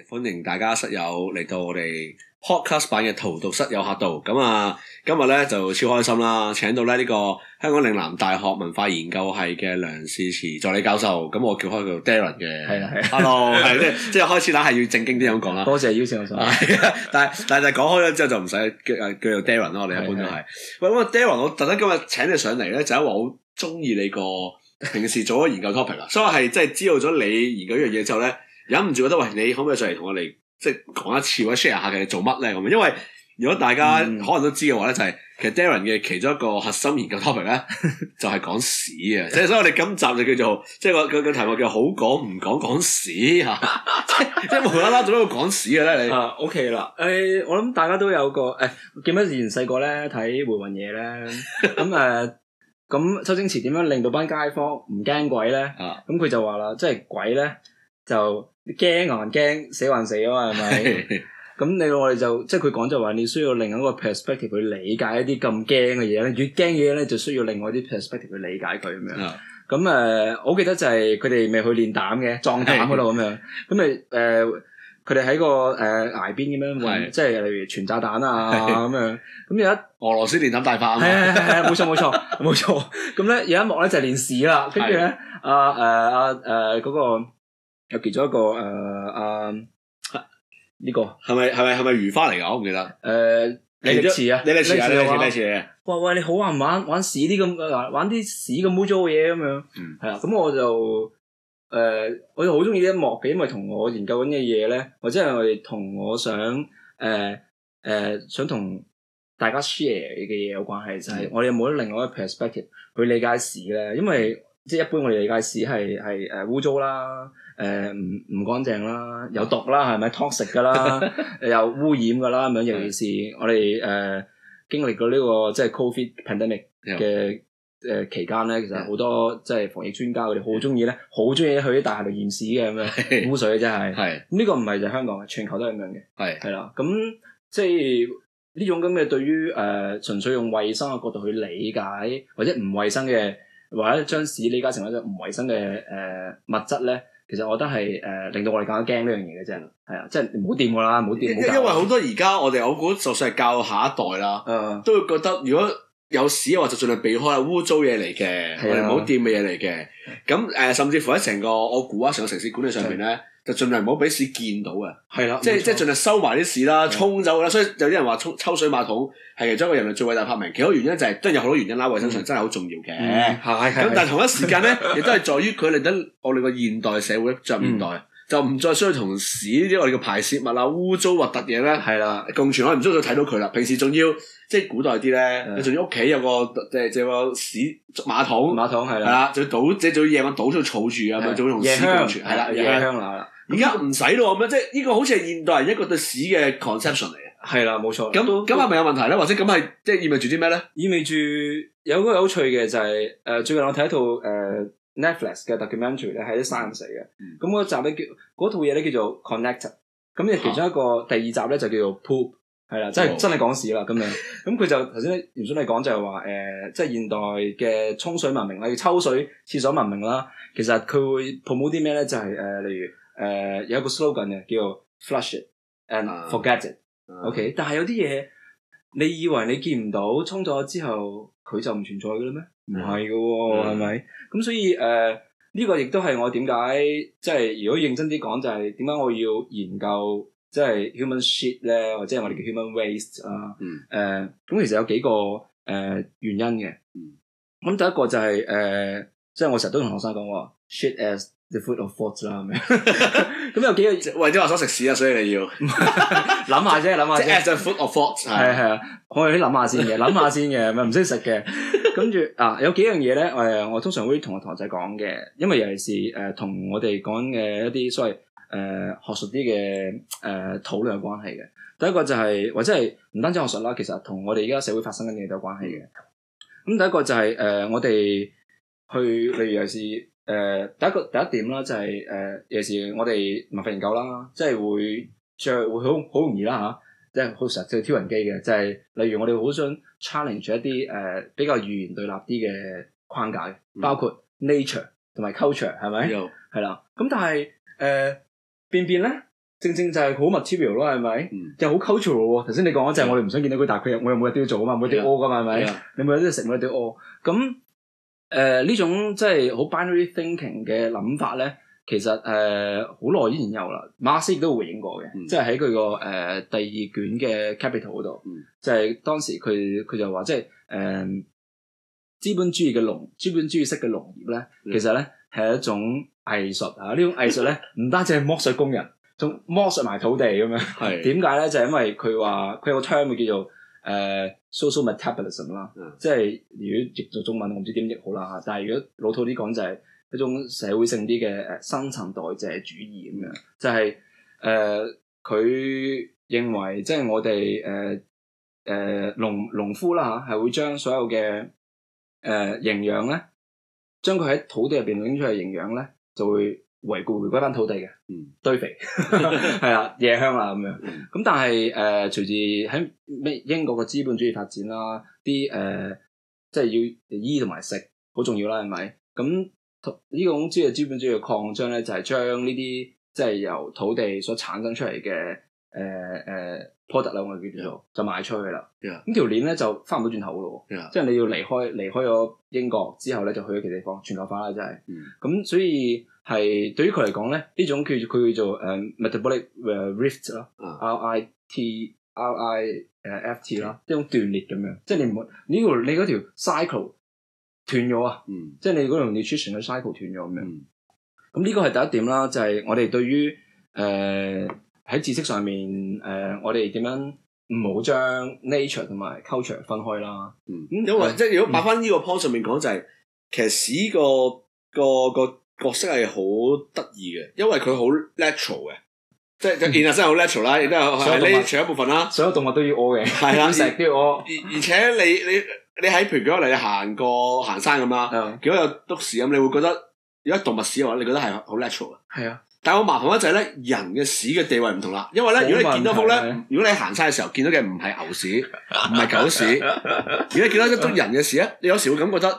歡迎大家室友嚟到我哋 Podcast 版嘅荼毒室有客到，咁啊今日咧就超開心啦！請到咧呢、這個香港嶺南大學文化研究系嘅梁仕池助理教授，咁我叫開佢 Darren 嘅，係啦係，Hello，即 即開始啦，係要正經啲咁講啦，多謝邀請我上，但係但係講開咗之後就唔使叫叫做 Darren 咯，我哋一般都係。的喂，咁 Darren，我特登今日請你上嚟咧，就因為我好中意你個平時做嘅研究 topic 啊，所以我係即係知道咗你研究呢樣嘢之後咧。忍唔住覺得，喂，你可唔可以上嚟同我哋即係講一次或者 share 下佢做乜咧？咁啊，因為如果大家可能都知嘅話咧，嗯、就係其實 Daren 嘅其中一個核心研究 topic 咧、嗯，就係講屎啊！所以，所以我哋今集就叫做即係個個個題目叫好講唔講講屎嚇，即係即係無啦啦做咩講屎嘅咧？你 OK 啦，誒、啊啊啊啊啊啊，我諗大家都有個誒，記、啊、唔、啊啊、記得以前細個咧睇《回魂夜》咧？咁誒，咁周星馳點樣令到班街坊唔驚鬼咧？咁佢就話啦，即係鬼咧就。驚啊！驚死還死啊嘛，係咪？咁你我哋就即係佢講就話你需要另一個 perspective 去理解一啲咁驚嘅嘢咧。越驚嘅嘢咧就需要另外啲 perspective 去理解佢咁樣。咁誒，我記得就係佢哋未去練膽嘅，壯膽度咁樣。咁咪，誒，佢哋喺個誒崖邊咁樣運，即係例如全炸彈啊咁樣。咁有一俄羅斯練膽大法，冇錯冇錯冇錯。咁咧有一幕咧就係練屎啦，跟住咧阿誒阿誒嗰個。又結咗一個誒、呃、啊！呢、這個係咪係咪係咪如花嚟㗎？是是是是我唔記得誒。Uh, 李立慈啊！李立慈啊！李立慈，喂喂，你好啊！玩玩屎啲咁嘅？玩啲屎咁污糟嘅嘢咁樣，係啊，咁我就誒，我又好中意呢一幕嘅，因為同我研究緊嘅嘢咧，或者係我哋同我想誒誒，想同大家 share 嘅嘢有關係，就係我哋有冇一另外一個 perspective 去理解屎咧？因為即係一般我哋理解屎係係誒污糟啦。誒唔唔乾淨啦，有毒啦，係咪 toxic 噶啦？又污染噶啦咁樣，尤其是我哋誒、呃、經歷過呢、呢個即係 COVID pandemic 嘅誒、呃、期間咧，其實好多即係防疫專家佢哋好中意咧，好中意去啲大廈度驗屎嘅咁樣，污水真係。係呢 個唔係就香港嘅，全球都係咁樣嘅。係係啦，咁 即係呢種咁嘅對於誒、呃、純粹用衛生嘅角度去理解，或者唔衛生嘅，或者將屎理解成為一啲唔衛生嘅誒、呃呃、物質咧？呃呃其實我覺得係誒，令到我哋更加驚呢樣嘢嘅啫，係啊，即係唔好掂噶啦，唔好掂。因為好多而家我哋，我估就算係教下一代啦，嗯、都會覺得如果有屎嘅話，就盡量避開污糟嘢嚟嘅，是的 我哋唔好掂嘅嘢嚟嘅。咁誒、呃，甚至乎喺成個我估啊，成個城市管理上邊咧。就盡量唔好俾屎見到啊！係啦的，即係錯即係盡量收埋啲屎啦，的沖走啦。所以有啲人話沖抽水馬桶係其中一個人類最偉大發明，其中原因就係都係有好多原因啦。衛生上真係好重要嘅。係咁，但係同一時間咧，亦都係在於佢哋等我哋個現代社會進入現代。的就唔再需要同屎呢啲我哋嘅排泄物啊、污糟核突嘢咧，係啦，共存，可以唔需要再睇到佢啦。平時仲要即係古代啲咧，佢仲要屋企有個即係即係個屎馬桶，馬桶係啦，就倒即係早夜晚倒出儲住啊，咪早同屎共存係啦，夜香啦。而家唔使囉咁樣，即係呢個好似係現代人一個對屎嘅 conception 嚟嘅，係啦，冇錯。咁咁係咪有問題咧？或者咁係即係意味住啲咩咧？意味住有個有趣嘅就係誒，最近我睇一套誒。Netflix 嘅 documentary 咧，係啲 science 嘅。咁嗰集咧，叫嗰套嘢咧，叫做 Connected。咁誒，其中一個、啊、第二集咧就叫做 Poop，係啦，即係真係講屎啦咁樣。咁佢就頭先原想你講就係話誒，即係現代嘅沖水文明啦，抽水廁所文明啦。其實佢會 promote 啲咩咧？就係、是、誒、呃，例如誒、呃、有一個 slogan 嘅叫 Flush it and forget it、啊。OK，但係有啲嘢你以為你見唔到沖咗之後佢就唔存在嘅咧咩？唔係噶喎，係咪、哦？咁、mm hmm. 所以誒，呢、呃這個亦都係我點解即係如果認真啲講，就係點解我要研究即係、就是、human shit 咧，或者我哋叫 human waste 啊？誒、mm，咁、hmm. 呃、其實有幾個誒、呃、原因嘅。咁第一個就係、是、誒，即、呃、係、就是、我成日都同學生講話 shit as。the food of thoughts 咁 有、嗯、幾樣，或者話想食屎啊，所以你要諗 下啫，諗下啫，即 food of thoughts 係係啊，可以諗下先嘅，諗下先嘅，咪唔識食嘅，跟住啊，有幾樣嘢咧，誒，我通常會同我同學仔講嘅，因為尤其是誒同、呃、我哋講嘅一啲所謂誒、呃、學術啲嘅誒討論嘅關係嘅，第一個就係、是、或者係唔單止學術啦，其實同我哋而家社會發生緊嘅嘢都有關係嘅，咁、嗯、第一個就係、是、誒、呃、我哋去例如尤其是誒、嗯，第一個第一點啦、就是，就係誒，有時我哋文化研究啦，即係會著會好好容易啦吓、啊，即係好實際挑人機嘅，就係例如我哋好想 challenge 一啲誒、呃、比較語言對立啲嘅框架，包括 nature 同埋 culture 係咪？有係啦，咁但係誒、呃、便便咧，正正就係好 material 咯，係咪、嗯？又好 cultural 喎。頭先你講嗰陣，我哋唔想見到佢，但係佢又我又每日都要做啊嘛，每日都要屙噶嘛，係咪？你每日都要食，每日都要屙咁。誒呢、呃、種即係好 binary thinking 嘅諗法咧，其實誒好耐以前有啦。馬克思亦都回應過嘅，嗯、即係喺佢個誒第二卷嘅 capital 嗰度，嗯、就係當時佢佢就話，即係誒、呃、資本主義嘅農資本主義式嘅農業咧，嗯、其實咧係一種藝術嚇。呢種藝術咧，唔單止係剝削工人，仲剝削埋土地咁樣。點解咧？就係因為佢話佢有個 term 叫做。誒、uh, social metabolism 啦、mm，hmm. 即係如果譯做中文我唔知點譯好啦嚇，但係如果老土啲講就係一種社會性啲嘅、呃、新陳代謝主義咁樣，就係誒佢認為即係我哋誒誒農農夫啦嚇，係會將所有嘅誒營養咧，將佢喺土地入邊拎出嚟營養咧，就會。維護回歸翻土地嘅、嗯、堆肥，係啊夜香啊咁樣，咁、嗯、但係誒、呃，隨住喺咩英國嘅資本主義發展啦，啲、呃、誒即係要醫同埋食好重要啦，係咪？咁呢個公司嘅資本主義嘅擴張咧，就係、是、將呢啲即係由土地所產生出嚟嘅。誒誒 product 啦，我咪叫做就賣出去啦。咁條鏈咧就翻唔到轉頭咯，即係你要離開離開咗英國之後咧，就去其他地方全球化啦，真係。咁所以係對於佢嚟講咧，呢種叫佢叫做誒 metabolic rift 咯，R I T R I 誒 F T 啦，呢種斷裂咁樣。即係你唔你呢條你嗰條 cycle 斷咗啊，即係你嗰條 nutrition 嘅 cycle 斷咗咁樣。咁呢個係第一點啦，就係我哋對於誒。喺知識上面，誒、呃，我哋點樣唔好將 nature 同埋 culture 分開啦？嗯，因為即係如果擺返呢個 point 上面講就係，其實屎個個角色係好得意嘅，因為佢好 natural 嘅，即係即係 nature 真係好 natural 啦，亦都後有。所以動物除一部分啦，所有動物都要屙嘅，係啦的，石都要屙。而而且你你你喺譬如如果你行過行山咁啦，的如果有篤屎咁，你會覺得如果動物屎嘅話，你覺得係好 natural 啊？係啊。Das ul ky 但係我麻煩一就係咧，人嘅屎嘅地位唔同啦。因為咧，如果你見到幅咧，如果你行山嘅時候見到嘅唔係牛屎，唔係狗屎，如果你見到一種人嘅屎咧，你有時會感覺得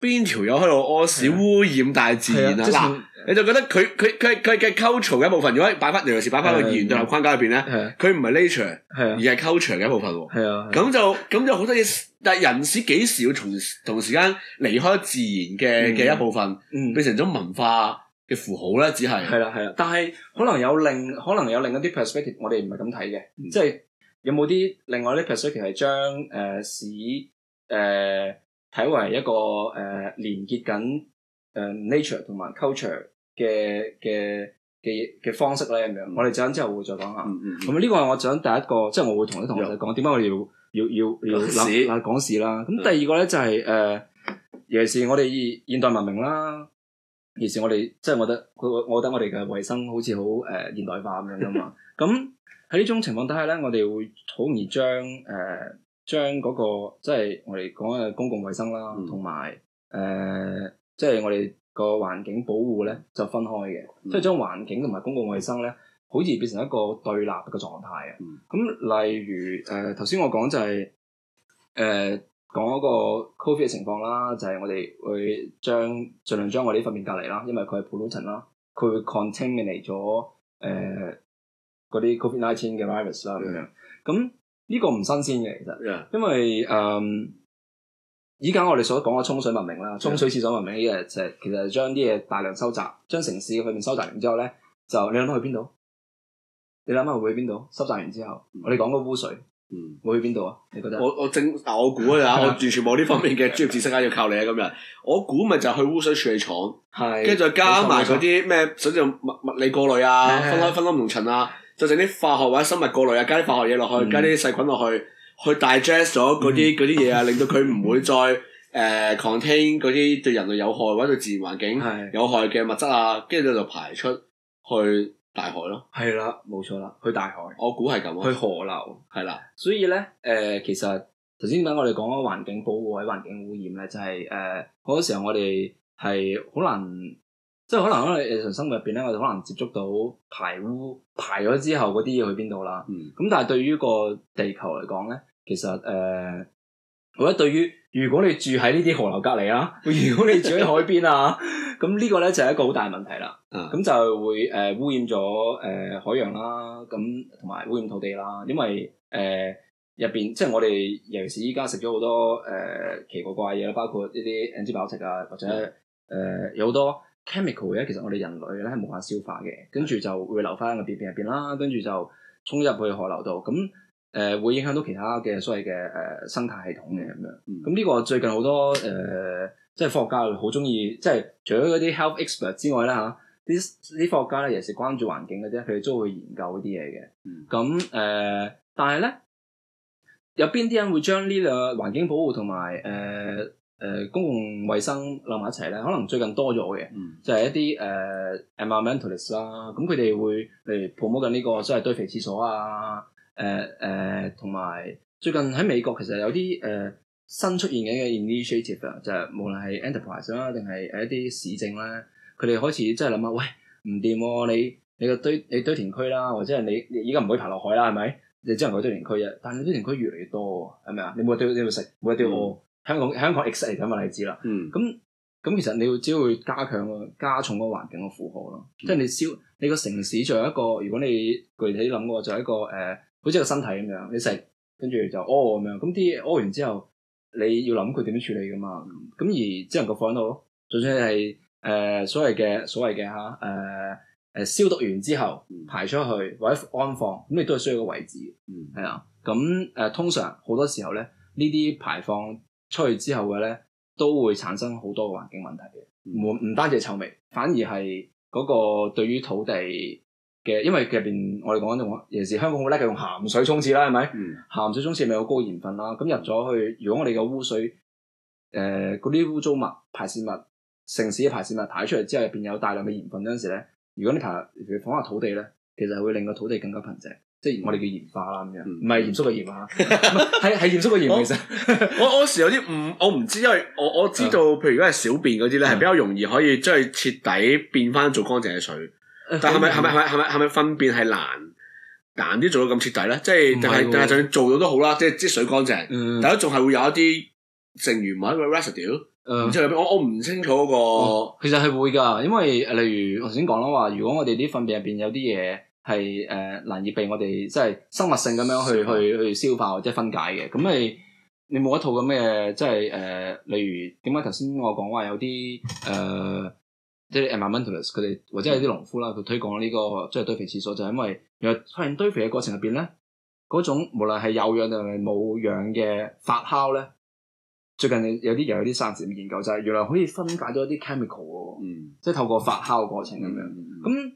邊條友喺度屙屎污染大自然啊！嗱，你就覺得佢佢佢佢嘅 culture 嘅一部分，如果擺翻尤其是擺翻個二元對立框架入邊咧，佢唔係 nature，的而係 culture 嘅一部分。係啊的，咁就咁就好多嘢。但係人屎幾時要從同，同時間離開自然嘅嘅一部分，變、嗯嗯嗯、成咗文化？嘅符號咧，只係係啦，係啦，但係可能有另可能有另一啲 perspective，我哋唔係咁睇嘅，即係有冇啲另外啲 perspective 係將誒屎誒睇為一個誒連結緊誒 nature 同埋 culture 嘅嘅嘅嘅方式咧，咁樣。我哋陣間之後會再講下。咁呢個係我講第一個，即係我會同啲同學仔講點解我哋要要要要講屎啦。咁第二個咧就係誒，尤其是我哋現代文明啦。其實我哋即係，我覺得佢，我覺得我哋嘅衛生好似好誒現代化咁樣噶嘛。咁喺呢種情況底下咧，我哋會好易將誒、呃、將嗰、那個即係我哋講嘅公共衛生啦，同埋誒即係我哋個環境保護咧就分開嘅，即係、嗯、將環境同埋公共衛生咧，好似變成一個對立嘅狀態啊。咁、嗯、例如誒頭先我講就係誒。呃講嗰個 COVID 嘅情況啦，就係、是、我哋會將盡量將我哋啲糞便隔離啦，因為佢係 pollution 啦，佢會 contain 嚟咗誒嗰啲 COVID nineteen 嘅 virus 啦咁樣。咁呢、這個唔新鮮嘅其實，嗯、因為誒依家我哋所講嘅沖水文明啦，沖水廁所文明呢個、嗯、就係其實係將啲嘢大量收集，將城市嘅糞便收集完之後咧，就你諗下去邊度？你諗下會去邊度？收集完之後，我哋講個污水。嗯，我去邊度啊？你覺得我我正，但我估啊， 我完全冇呢方面嘅專業知識、啊，而要靠你啊！今日我估咪就去污水處理廠，跟住再加埋嗰啲咩，水做物物理過濾啊， 分開分開農塵啊，就整啲化學或者生物過濾啊，加啲化學嘢落去，嗯、加啲細菌落去，去 digest 咗嗰啲啲嘢啊，令到佢唔會再誒、uh, contain 嗰啲對人類有害或者對自然環境有害嘅物質啊，跟住就排出去。大海咯，係啦，冇錯啦，去大海。我估係咁咯，去河流係啦。的所以咧，誒、呃，其實頭先點解我哋講咗環境保護，喺環境污染咧，就係、是、誒，嗰、呃那個時候我哋係好難，即、就、係、是、可能可能喺日常生活入邊咧，我哋可能接觸到排污排咗之後嗰啲嘢去邊度啦。咁、嗯、但係對於個地球嚟講咧，其實誒，我覺得對於。如果你住喺呢啲河流隔籬啦， 如果你住喺海邊啊，咁呢 個咧就係一個好大問題啦。咁、uh huh. 就會誒、呃、污染咗誒、呃、海洋啦，咁同埋污染土地啦。因為誒入邊即係我哋尤其是依家食咗好多誒、呃、奇奇怪怪嘢啦，包括呢啲唔知 antibiotic 啊,或者誒、uh huh. 呃、有好多 chemical 咧，其實我哋人類咧係冇法消化嘅，跟住就會留翻喺個便便入邊啦，跟住就沖入去河流度咁。誒、呃，會影響到其他嘅所謂嘅誒、呃、生態系統嘅咁樣，咁呢、嗯、個最近好多誒、呃，即係科學家好中意，即係除咗嗰啲 health expert 之外咧吓，啲啲科學家咧尤其是關注環境嘅啫，佢哋都會研究啲嘢嘅。咁誒、嗯嗯嗯嗯，但係咧，有邊啲人會將呢個環境保護同埋誒誒公共衛生留埋一齊咧？可能最近多咗嘅，就係、是、一啲誒 environmentalist 啦。咁佢哋會例如 promote 緊呢個，即係堆肥廁所啊。所誒誒，同埋、呃、最近喺美國其實有啲誒、呃、新出現緊嘅 initiative 啊，就係無論係 enterprise 啦，定係誒一啲市政咧，佢哋開始真係諗啊，喂，唔掂喎，你你個堆你堆填區啦，或者係你你依家唔會爬落海啦，係咪？你只能夠堆填區啊，但係堆填區越嚟越多，係咪啊？你要每堆你每成每堆我、mm hmm. 香港香港 ex c 嚟咁個例子啦，咁咁、mm hmm. 其實你只要只會加強個加重個環境個負荷咯，即係、mm hmm. 你燒你個城市仲有一個，如果你具體諗過就係一個誒。就是好似個身體咁樣，你食跟住就屙咁、哦、樣，咁啲嘢屙完之後你要諗佢點樣處理噶嘛？咁、嗯、而只能夠放喺度咯。就算係誒、呃、所謂嘅所謂嘅吓誒誒消毒完之後排出去，或者安放，咁你都係需要個位置嘅。係啊、嗯，咁誒、呃、通常好多時候咧，呢啲排放出去之後嘅咧，都會產生好多嘅環境問題嘅。唔唔、嗯、單止臭味，反而係嗰個對於土地。嘅，因為入邊我哋講緊，尤其是香港好叻嘅用鹹水沖廁啦，係咪？鹹水沖廁咪有高鹽分啦。咁入咗去，如果我哋嘅污水，誒嗰啲污糟物、排泄物、城市嘅排泄物排出嚟之後，入邊有大量嘅鹽分嗰陣時咧，如果你排，你放下土地咧，其實會令個土地更加貧瘠，即係我哋叫鹽化啦咁樣。唔係鹽叔嘅鹽吓，係係鹽叔嘅鹽其實。我我時有啲唔，我唔知，因為我我知道，譬如如果係小便嗰啲咧，係比較容易可以將佢徹底變翻做乾淨嘅水。但係咪係咪係咪係咪係咪分辨係難難啲做到咁徹底咧？即係但係但係，就算做到都好啦，即係水乾淨，嗯、但係仲係會有一啲剩餘，唔係一個 residue、嗯。誒，我我唔清楚、嗰個、哦、其實係會㗎，因為誒，例如我頭先講啦話，如果我哋啲糞便入邊有啲嘢係誒難以被我哋即係生物性咁樣去去去消化或者分解嘅，咁你你冇一套嘅咩？即係誒，例如點解頭先我講話有啲誒？呃即係 environmentalist 佢哋或者係啲農夫啦，佢推廣呢、這個即係堆肥廁所，就係、是、因為原來出現堆肥嘅過程入邊咧，嗰種無論係有氧定係冇氧嘅發酵咧，最近有啲又有啲新嘅研究就係、是、原來可以分解咗一啲 chemical 喎、嗯，即係透過發酵嘅過程咁樣。咁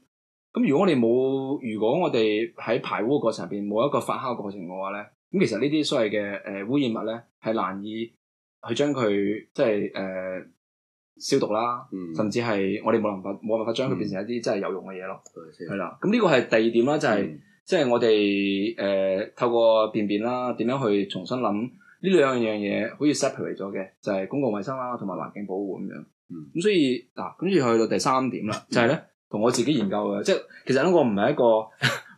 咁、嗯、如果我哋冇，如果我哋喺排污嘅過程入邊冇一個發酵過程嘅話咧，咁其實呢啲所謂嘅誒污染物咧係難以去將佢即係誒。呃消毒啦，嗯、甚至係我哋冇辦法冇辦法將佢變成一啲真係有用嘅嘢咯，係啦、嗯。咁呢個係第二點啦，就係即係我哋誒、呃、透過便便啦，點樣去重新諗呢兩樣嘢，好似 separate 咗嘅，就係、是、公共衛生啦，同埋環境保護咁樣。咁、嗯、所以嗱，跟住去到第三點啦，就係、是、咧。 同我自己研究嘅，即係其實我唔係一個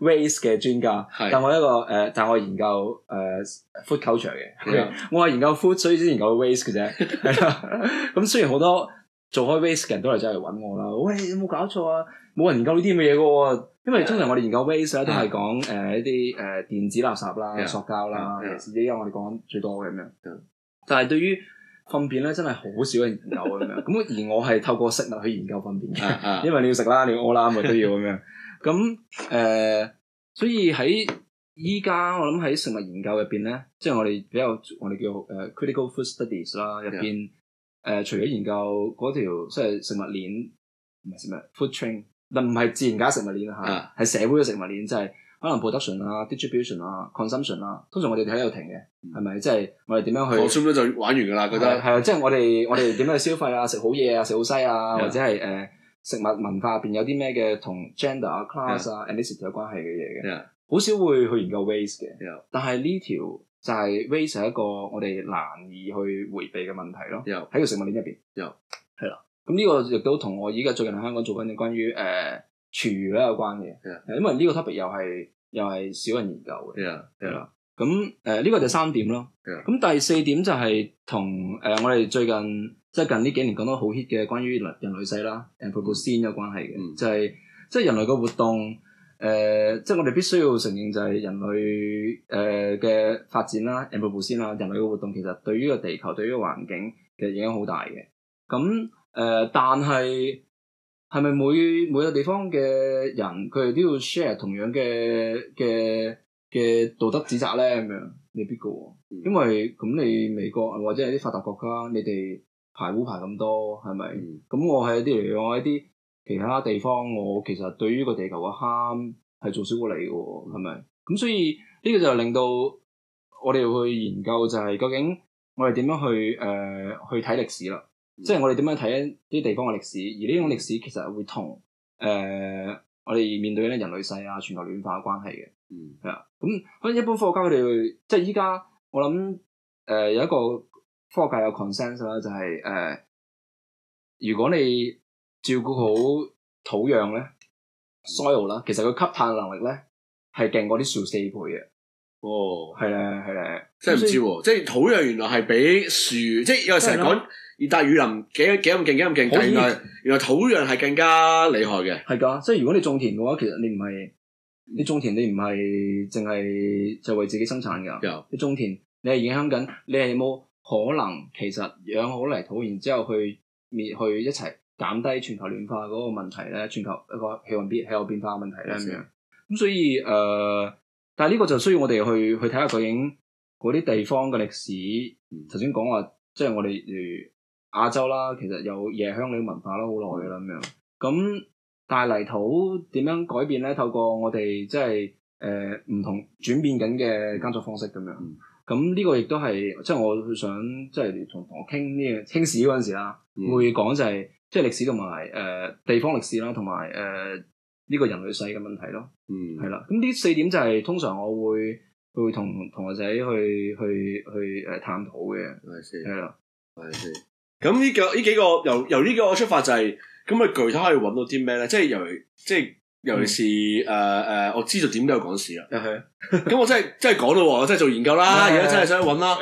Waste 嘅專家， 但係我一個誒、呃，但係我研究誒、呃、Food Culture 嘅， 我係研究 Food，所以先研究 Waste 嘅啫。咁、 嗯 嗯，雖然好多做開 Waste 嘅人都嚟咗嚟搵我啦，喂，有冇搞錯啊？冇人研究呢啲咁嘅嘢噶，因為通常我哋研究 Waste 咧，都係講誒一啲誒電子垃圾啦、塑膠啦，甚至依家我哋講最多嘅咁樣。 但係對於糞便咧真係好少人研究咁樣，咁 而我係透過食物去研究糞便 因為你要食啦，你要屙啦，咪都要咁樣。咁誒、 呃，所以喺依家我諗喺食物研究入邊咧，即係我哋比較我哋叫誒、呃、Critical Food Studies 啦，入邊誒除咗研究嗰條即係食物鏈，唔係食物 food chain，嗱唔係自然加食物鏈嚇，係 社會嘅食物鏈即係。可能 production 啊、distribution 啊、consumption 啊，通常我哋都喺度停嘅，係咪？即係我哋點樣去 consume 就玩完噶啦，覺得係啊！即係我哋我哋點樣去消費啊？食好嘢啊？食好西啊？或者係誒食物文化入邊有啲咩嘅同 gender 啊、class 啊、ethnic 有關係嘅嘢嘅，好少會去研究 waste 嘅。但係呢條就係 waste 係一個我哋難以去回避嘅問題咯。有喺個食物鏈入邊。有係啦。咁呢個亦都同我依家最近喺香港做緊嘅關於誒。廚餘咧有關嘅，Yeah. 因為呢個 topic 又係又係少人研究嘅，係啦 Yeah. Yeah.、嗯。咁誒呢個就第三點咯。咁 Yeah.、嗯、第四點就係同誒我哋最近即係近呢幾年講得好 hit 嘅，關於人類世啦 anthropocene 有關係嘅 Yeah.、就係，就係即係人類嘅活動誒，即、呃、係、就係、我哋必須要承認就係人類誒嘅、呃、發展啦 anthropocene 啦，人類嘅活動其實對於個地球、對於個環境其實影響好大嘅。咁、嗯、誒、呃，但係係咪每每個地方嘅人，佢哋都要 share 同樣嘅嘅嘅道德指責咧？咁樣未必噶，嗯、因為咁你美國或者係啲發達國家，你哋排污排咁多，係咪？咁、嗯、我喺一啲嚟我喺啲其他地方，我其實對於個地球嘅 harm 係做少過你噶，係咪？咁所以呢、這個就令到我哋要去研究，就係究竟我哋點樣去誒、呃、去睇歷史啦。即係我哋點樣睇啲地方嘅歷史，而呢種歷史其實會同誒、呃、我哋面對咧人類世啊、全球暖化嘅關係嘅，係啊、嗯。咁可能一般科學家佢哋，即係依家我諗誒、呃、有一個科學界有 consensus 啦、就是，就係誒如果你照顧好土壤咧、嗯、soil 啦，其實佢吸碳能力咧係勁過啲樹四倍嘅。哦，係啊，係啊以，即係唔知喎，即係土壤原來係比樹，即係因為成日講。而熱帶雨林幾幾咁勁，幾咁勁，但係 原來土壤係更加厲害嘅。係噶，即係如果你種田嘅話，其實你唔係你種田，你唔係淨係就為自己生產噶。 你種田你，你係影響緊，你係冇可能其實養好泥土，然之後去滅去一齊減低全球暖化嗰個問題咧，全球一個氣溫變氣候變化嘅問題咧咁樣。咁、 嗯、所以誒、呃，但係呢個就需要我哋去去睇下究竟嗰啲地方嘅歷史。頭先講話，即、就、係、是、我哋如。亞洲啦，其實有夜香嘅文化啦，好耐噶啦咁樣。咁大泥土點樣改變咧？透過我哋即係誒唔同轉變緊嘅耕作方式咁樣。咁呢、嗯、個亦都係即係我想即係同同學傾呢個傾史嗰陣時啦，會講就係即係歷史同埋誒地方歷史啦，同埋誒呢個人類世嘅問題咯。嗯，係啦。咁呢四點就係、是、通常我會會同同學仔去去去誒探討嘅。係四。係啦。係咁呢個呢幾個由由呢個出發就係咁啊，具體可以搵到啲咩咧？即係由即係尤其是誒誒、嗯呃，我知道點解有講屎啦。咁我真係真係講到我真係做研究啦，而家真係想去搵啦。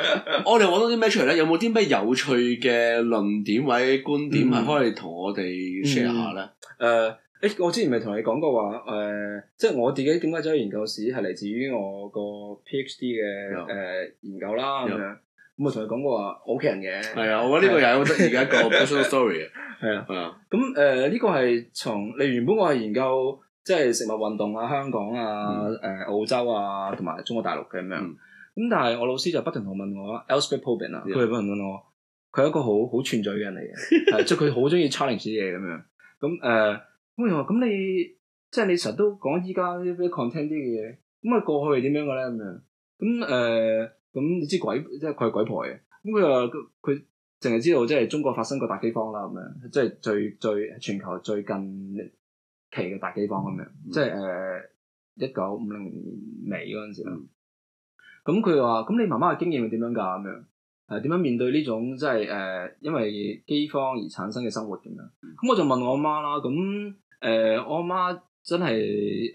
我哋搵到啲咩出嚟咧？有冇啲咩有趣嘅論點或者觀點係可以同我哋 share 下咧？誒、嗯，誒、嗯呃，我之前咪同你講過話，誒、呃，即係我自己點解走去研究屎，係嚟自於我個 PhD 嘅誒研究啦，咁樣有。有嗯咁啊，同佢講過話，我屋企人嘅。係啊，我覺得呢個又係好得意嘅一個 personal story。係啊。啊。咁誒，呢個係從你原本我係研究即係食物運動啊、香港啊、誒澳洲啊同埋中國大陸嘅咁樣。咁但係我老師就不停同我問我，Elspeth Probin 啊，佢哋不停問我，佢係一個好好串嘴嘅人嚟嘅，即係佢好中意 challenge 啲嘢咁樣。咁誒，咁你即係你成日都講依家啲 content 啲嘅嘢，咁啊過去係點樣嘅咧？咁樣。咁誒。咁、嗯、你知鬼，即係佢係鬼婆嘅。咁佢話佢淨係知道，即係中國發生過大饑荒啦，咁樣即係最最全球最近期嘅大饑荒咁樣。即係誒一九五零年尾嗰陣時啦。咁佢話，咁你媽媽嘅經驗係點樣㗎？咁樣係點樣面對呢種即係誒因為饑荒而產生嘅生活點樣？咁、嗯、我就問我媽啦。咁誒、uh, 我媽真係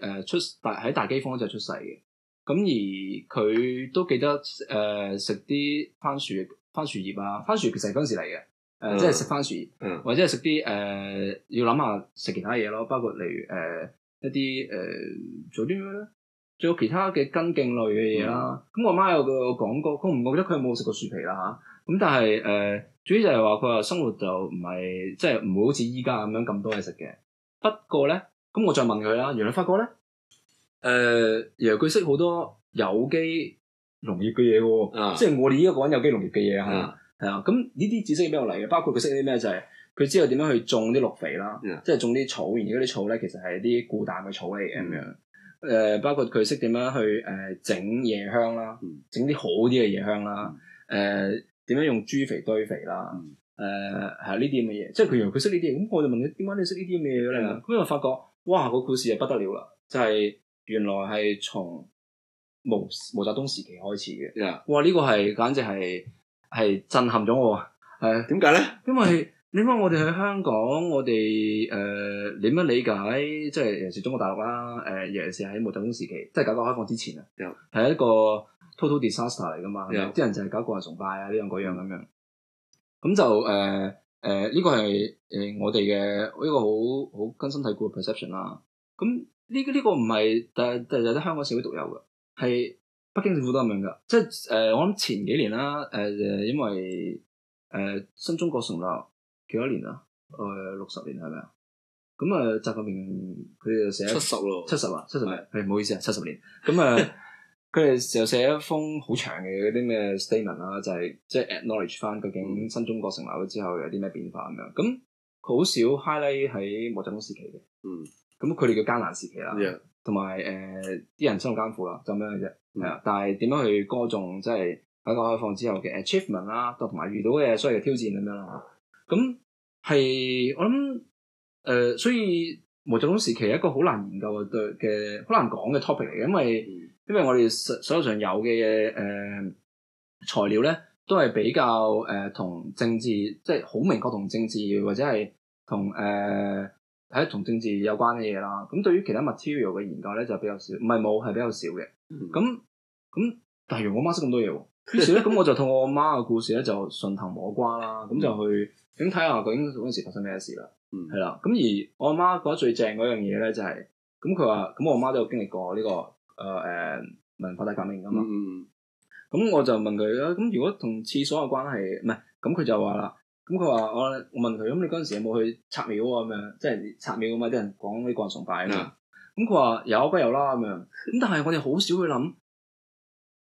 誒、uh, 出大喺大饑荒嗰陣出世嘅。咁而佢都記得誒食啲番薯番薯葉啊，番薯其實係、呃嗯、嗰時嚟嘅，誒即係食番薯葉，或者係食啲誒要諗下食其他嘢咯，包括例如誒一啲誒做啲咩咧，做其他嘅根莖類嘅嘢啦。咁、嗯、我媽有個講過，我唔覺得佢冇食過樹皮啦吓。咁、啊、但係誒、呃、主要就係話佢話生活就唔係即係唔會好似依家咁樣咁多嘢食嘅。不過咧，咁我再問佢啦，原來,原來發覺咧。誒，而佢識好多有機農業嘅嘢喎，即係我哋依家講有機農業嘅嘢係，係啊，咁呢啲知識係我嚟嘅，嗯啊？包括佢識啲咩就係佢知道點樣去種啲綠肥啦，嗯，即係種啲草，而家啲草咧其實係啲固氮嘅草嚟嘅咁樣。誒，嗯，呃，包括佢識點樣去誒整夜香啦，整啲好啲嘅夜香啦。誒，呃，點樣用豬肥堆肥啦。誒，呃，係呢啲咁嘅嘢。即係佢原來佢識呢啲，咁我就問佢，點解你識呢啲嘢咧？咁，嗯，我就發覺，哇，個故事就不得了啦，就係、是。原來係從毛毛澤東時期開始嘅，Yeah. 哇呢，這個係簡直係係震撼咗我，誒點解咧？為呢因為你諗我哋去香港，我哋誒點樣理解，即係尤其是中國大陸啦，誒、呃、尤其是喺毛澤東時期，即係改革開放之前啊，係 Yeah. 一個 total disaster 嚟噶嘛，有啲人就係搞個人崇拜啊呢樣嗰樣咁樣，咁就誒誒呢個係誒我哋嘅一個好好根深蒂固嘅 perception 啦，咁。呢個呢個唔係，但係但係都香港社會獨有嘅，係北京政府都咁樣㗎。即係誒，我諗前幾年啦，誒誒，因為誒新中國成立幾多年啦？誒六十年係咪啊？咁啊，習近平佢哋就寫七十咯，七十啊，七十年係，唔好意思啊，七十年。咁啊，佢哋就寫一封好長嘅啲咩 statement 啦，就係即係 acknowledge 翻究竟新中國成立之後有啲咩變化咁樣。咁好少 highlight 喺毛澤東時期嘅，嗯。咁佢哋叫艱難時期啦，同埋誒啲人生活艱苦啦，就咁樣嘅啫。係啊、mm，hmm. 但係點樣去歌頌即係改革開放之後嘅 achievement 啦，同埋遇到嘅所有嘅挑戰咁樣啦。咁係我諗誒、呃，所以毛澤東時期係一個好難研究嘅對嘅，好難講嘅 topic 嚟嘅，因為、mm hmm. 因為我哋所有上有嘅誒、呃、材料咧，都係比較誒同、呃、政治即係好明確同政治或者係同誒。呃喺同政治有關嘅嘢啦，咁對於其他 material 嘅研究咧就比較少，唔係冇係比較少嘅。咁咁、嗯、但係如果我媽識咁多嘢喎、啊，於是咧咁 我就同我阿媽嘅故事咧就順藤摸瓜啦，咁、嗯、就去咁睇下究竟嗰陣時發生咩事、嗯、啦，係啦。咁而我阿媽覺得最正嗰樣嘢咧就係、是，咁佢話咁我阿媽都有經歷過呢、這個誒誒、呃、文化大革命㗎嘛，咁、嗯嗯、我就問佢啦，咁如果同廁所有關係唔係，咁佢就話啦。嗯嗯咁佢話：我我問佢，咁你嗰陣時有冇去拆廟啊？咁樣，即係拆廟咁嘛，啲人講呢個崇拜啊？咁佢話有不有啦咁樣。咁但係我哋好少去諗。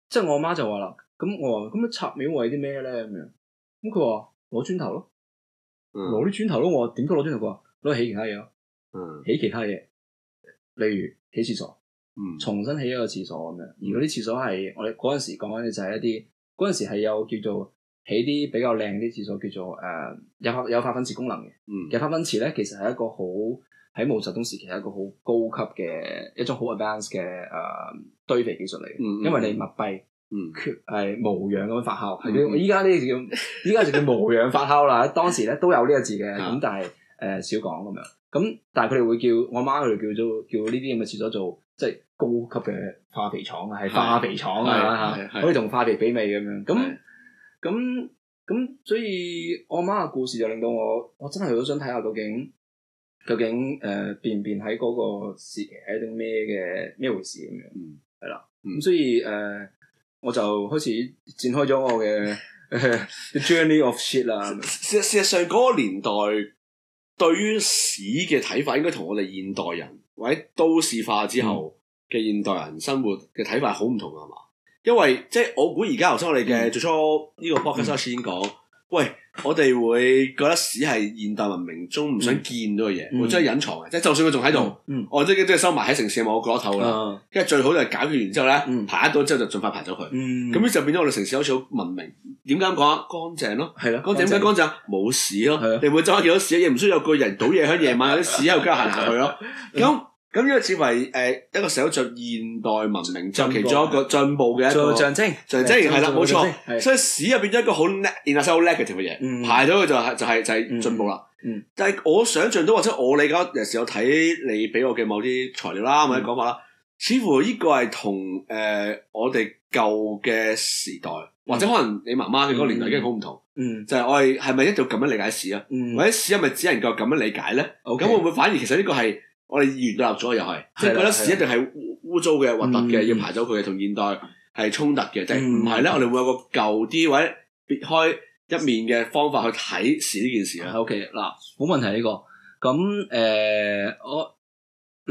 即係我媽就話啦，咁我話咁樣拆廟為啲咩咧？咁、嗯、樣，咁佢話攞磚頭咯，攞啲、嗯、磚頭咯。我話點解攞磚頭？佢話攞起其他嘢咯，嗯、起其他嘢。例如起廁所，重新起一個廁所咁樣。嗯嗯、而嗰啲廁所係我哋嗰陣時講緊嘅就係一啲嗰陣時係有叫做，叫做。起啲比較靚啲廁所，叫做誒有有化糞池功能嘅。嗯，有化糞池咧，其實係一個好喺毛澤東時期係一個好高級嘅一種好 advanced 嘅誒堆肥技術嚟嘅。因為你密閉，嗯，係無氧咁樣發酵。依家咧叫依家就叫無氧發酵啦。當時咧都有呢個字嘅，咁但係誒少講咁樣。咁但係佢哋會叫我媽佢哋叫做叫呢啲咁嘅廁所做，即係高級嘅化肥廠啊，係化肥廠啊，可以同化肥媲美咁樣咁。咁咁，所以我媽嘅故事就令到我，我真係好想睇下究竟究竟誒，便便喺嗰個時期係一種咩嘅咩回事咁樣，係啦、嗯。咁所以誒、呃，我就開始展開咗我嘅、嗯、 The journey of shit 啦。實事實，實上，嗰個年代對於屎嘅睇法，應該同我哋現代人或者都市化之後嘅現代人生活嘅睇法好唔同啊嘛？嗯 因為即係我估而家頭先我哋嘅最初呢個 focus 先講，喂，我哋會覺得屎係現代文明中唔想見到嘅嘢，即係隱藏嘅，即係就算佢仲喺度，我即係即係收埋喺城市嘅某個角落度啦。跟住最好就係解決完之後咧，排得到之後就盡快排走佢。咁呢就變咗我哋城市好似好文明。點解咁講啊？乾淨咯，係咯，乾淨，點解乾淨？冇屎咯，你唔會執下幾多屎，亦唔需要有個人倒嘢喺夜晚，有啲屎喺度跟住行下去咯。咁。咁呢個視為誒一個社會着現代文明作其中一個進步嘅象徵，象徵係啦，冇錯。所以屎入面變咗一個好 negative 嘅嘢，排咗佢就係就係就係進步啦。但係我想象到或者我理解，有時有睇你俾我嘅某啲材料啦，或者講法啦，似乎呢個係同誒我哋舊嘅時代，或者可能你媽媽嘅嗰個年代已經好唔同。就係我係係咪一度咁樣理解屎啊？或者屎係咪只能夠咁樣理解咧？咁會唔會反而其實呢個係？我哋二元對立咗又係，即係覺得屎一定係污污糟嘅、核突嘅，要排走佢嘅，同現代係衝突嘅。定唔係咧？嗯、我哋會有個舊啲或者別開一面嘅方法去睇屎呢件事啊。OK，嗱，冇問題呢、呢個。咁誒、呃，我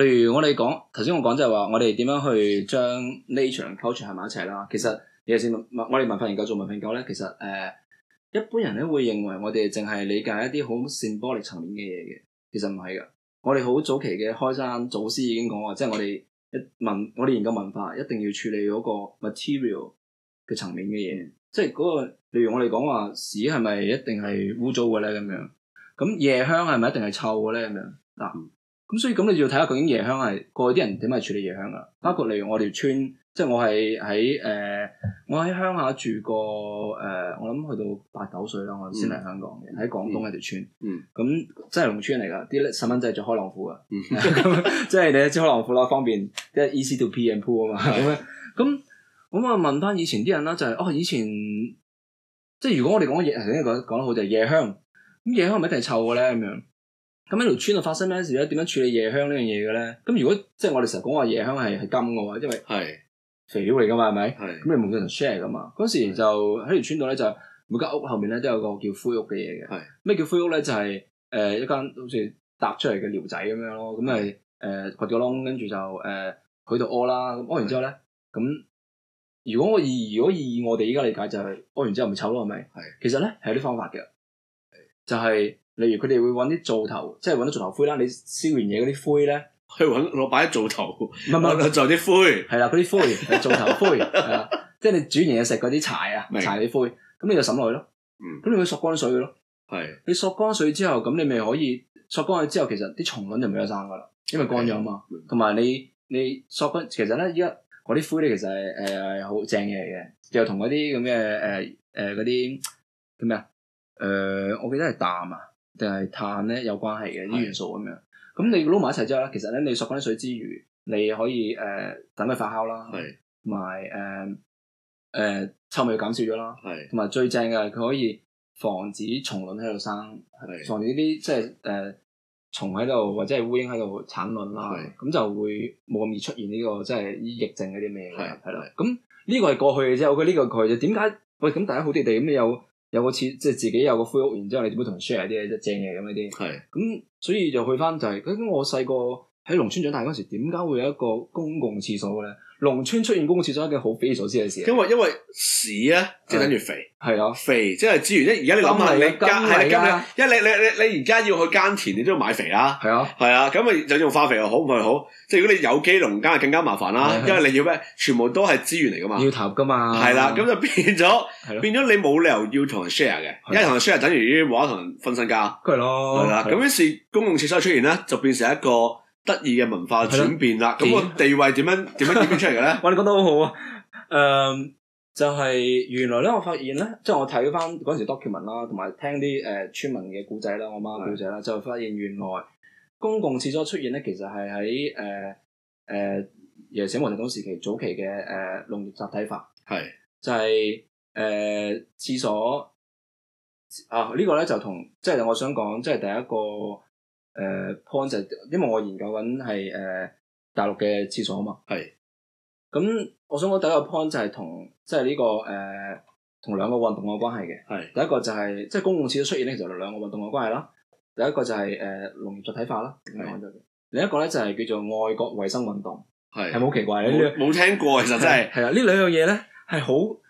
例如我哋講頭先，我講就係話我哋點樣去將 nature culture 喺埋一齊啦。其實尤其我哋文化研究做文化研究咧，其實誒、呃、一般人咧會認為我哋淨係理解一啲好 symbolic 層面嘅嘢嘅，其實唔係㗎。我哋好早期嘅開山祖師已經講話，即係我哋一文，我哋研究文化一定要處理嗰個 material 嘅層面嘅嘢，即係嗰、嗰個，例如我哋講話屎係咪一定係污糟嘅咧？咁樣，咁夜香係咪一定係臭嘅咧？咁樣，嗱、嗯、咁、啊、所以咁你就要睇下究竟夜香係過去啲人點樣處理夜香噶，包括例如我哋村。即係我係喺誒，我喺鄉下住過誒，我諗去到八九歲啦，我先嚟香港嘅，喺廣東一條村，咁真係農村嚟噶，啲細蚊仔着開襠褲啊，即係你一着開襠褲啦，方便，即係 easy to pee and poo 啊嘛，咁樣，咁咁啊問翻以前啲人啦，就係哦，以前即係如果我哋講嘢頭先講得好就係夜香，咁夜香係咪一定係臭嘅咧？咁樣，咁喺條村度發生咩事咧？點樣處理夜香呢樣嘢嘅咧？咁如果即係我哋成日講話夜香係係金嘅話，因為係。肥料嚟噶 嘛，係咪？咁你冇可能 share 噶嘛？嗰時就喺條 村度咧，就每間屋後面咧都有個叫灰屋嘅嘢嘅。咩 叫灰屋咧？就係誒一間好似搭出嚟嘅寮仔咁樣咯。咁係誒掘個窿，跟住就誒、呃、去度屙啦。咁、啊、屙完之後咧，咁如果我以如果以我哋依家理解就係、是、屙完之後咪臭咯，係咪？ 其實咧係有啲方法嘅，就係、是、例如佢哋會揾啲灶頭，即係揾啲灶頭灰啦。你燒完嘢嗰啲灰咧。去攞擺喺啲灶頭，唔係唔係，就啲灰係啦。嗰啲灰係灶頭灰， 即係你煮完嘢食嗰啲柴啊、白柴啲灰，咁你就滲落去咯。咁、嗯、你咪索乾水咯。係的你索乾水之後，咁你咪可以索乾水之後，其實啲蟲卵就唔有生噶啦，因為乾咗啊嘛。同埋的你你索乾，其實咧依家嗰啲灰咧，其實係誒好正嘢嚟嘅，又同嗰啲咁嘅誒誒嗰啲叫咩啊？誒、呃呃，我記得係氮啊，定係碳咧有關係嘅啲元素咁樣。的的咁你撈埋一齊之後咧，其實咧你索翻啲水之餘，你可以誒、呃、等佢發酵啦，同埋誒誒臭味減少咗啦，同埋是最正嘅佢可以防止蟲卵喺度生，是防止啲即係誒蟲喺度或者係烏蠅喺度產卵啦，咁是就會冇咁易出現呢、呢個即係疫症嗰啲咩嘅，係啦是。咁呢是個係過去嘅啫，我覺呢個係過去嘅。點解？喂，咁大家好哋哋咁有。你有有個廁，即係自己有個灰屋，然之後你點樣同人 share 啲一正嘢咁呢啲？係咁是的，所以就去翻就係、是，咁我細個喺農村長大嗰時，點解會有一個公共廁所咧？農村出現公共廁所係一件好匪夷所思嘅事。因為因為屎啊，即係等於肥。係啊，肥即係資源。而而家你諗下，你耕係啦，因為你你你你而家要去耕田，你都要買肥啦。係啊，係啊，咁啊，就用化肥又好，唔係好。即係如果你有機農耕，更加麻煩啦，因為你要咩，全部都係資源嚟㗎嘛。要投入㗎嘛。係啦，咁就變咗，變咗你冇理由要同人 share 嘅，因為同人 share 等於要話同人分身家。係咯。係啦，咁於是公共廁所出現咧，就變成一個得意嘅文化轉變啦，咁個、嗯、地位點樣點樣轉變出嚟嘅咧？哇 你講得好好啊！誒、呃，就係、是、原來咧，我發現咧，即、就、係、是、我睇翻嗰陣時 document 啦，同埋聽啲誒村民嘅古仔啦，我媽嘅古仔啦，的就發現原來公共廁所出現咧，其實係喺誒誒，尤其毛澤東時期早期嘅誒、呃、農業集體化，係的就係、是、誒、呃、廁所啊！呢、這個咧就同即係我想講，即、就、係、是、第一個。就是誒，point、呃、就係、因為我研究緊係誒大陸嘅廁所啊嘛，係，咁是我想講第一個 point 就係同即係呢、這個誒同兩個運動有關係嘅，係是、就是，第一個就係即係公共廁所出現咧，其實就兩個運動有關係啦，第是一個就係誒農業集體化啦，另一個咧就係叫做愛國衛生運動，係咪好奇怪？冇冇聽過，其實真係，係啊，呢兩樣嘢咧係好，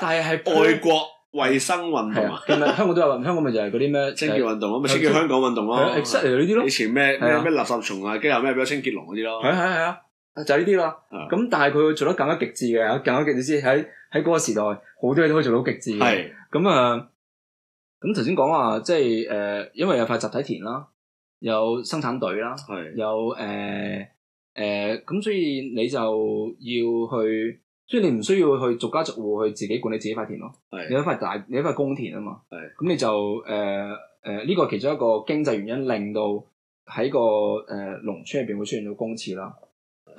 但係係愛國。衛生運動啊，係咪香港都有運？香港咪就係嗰啲咩清潔運動咯，咪清潔香港運動咯。係，exactly 呢啲咯。以前咩咩咩垃圾蟲啊，跟住有咩咩清潔龍嗰啲咯。係係係啊，就呢啲啦。咁但係佢會做得更加極致嘅，更加極致先喺喺嗰個時代，好多嘢都可以做到極致嘅。咁啊，咁頭先講話即係誒，因為有塊集體田啦，有生產隊啦，有誒誒，咁所以你就要去。即係你唔需要去逐家逐戶去自己管理自己塊田咯，的你有一塊大你有一塊公田啊嘛，咁的你就誒誒呢個其中一個經濟原因令到喺個誒農、呃、村入邊會出現到公廁啦。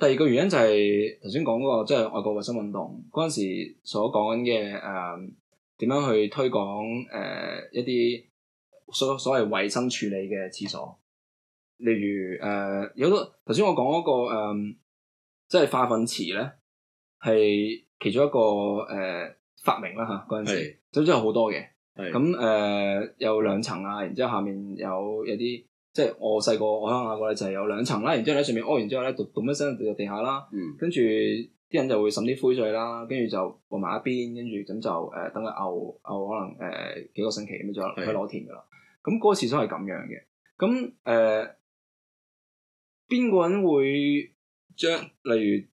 第二個原因就係頭先講嗰個即係愛國衛生運動嗰陣時所講嘅誒點樣去推廣誒、呃、一啲所所謂衞生處理嘅廁所，例如誒、呃、有多頭先我講嗰、那個、呃、即係化糞池咧。係其中一個誒、呃、發明啦吓，嗰陣時總之是有好多嘅，咁誒是、呃、有兩層啊，然之後下面有有啲即係我細個我鄉下個咧就係有兩層、啊啊、啦，然之後咧上面屙完之後咧就咚一聲掉到地下啦，跟住啲人就會抌啲灰碎啦，跟住就過埋一邊，跟住咁就誒、呃、等佢漚漚可能誒幾個星期咁就可攞田噶啦。咁嗰是個廁所係咁樣嘅，咁誒邊個人會將例如？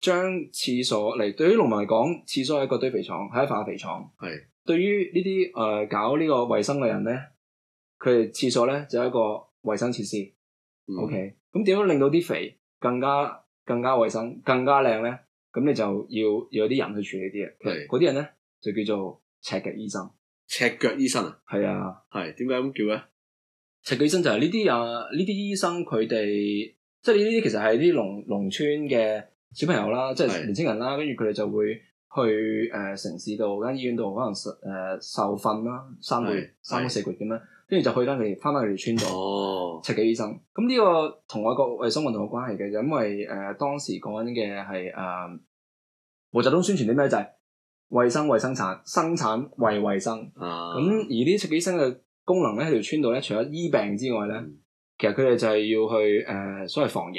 將廁所嚟，對於農民嚟講，廁所係一個堆肥廠，係一化肥廠。係，對於呢啲誒搞呢個衛生嘅人咧，佢哋廁所咧就係一個衛生設施。O K，咁點樣令到啲肥更加更加衛生、更加靚咧？咁你就要要有啲人去處理啲嘢。係，嗰啲人咧就叫做赤腳醫生。赤腳醫生啊？係啊，係。點解咁叫咧？赤腳醫生就係呢啲啊，呢啲醫生佢哋，即係呢啲其實係啲農農村嘅。小朋友啦，即係年輕人啦，跟住佢哋就會去誒城市度間醫院度可能受誒受訓啦，三個月，三個四個月咁樣，跟住就去翻佢哋翻翻佢哋村度赤腳醫生。咁呢個同愛國衛生運動有關係嘅，因為誒當時講緊嘅係誒毛澤東宣傳啲咩就係衛生為生產，生產為衛生。咁，而呢啲赤腳醫生嘅功能咧喺條村度咧，除咗醫病之外咧，其實佢哋就係要去誒所謂防疫。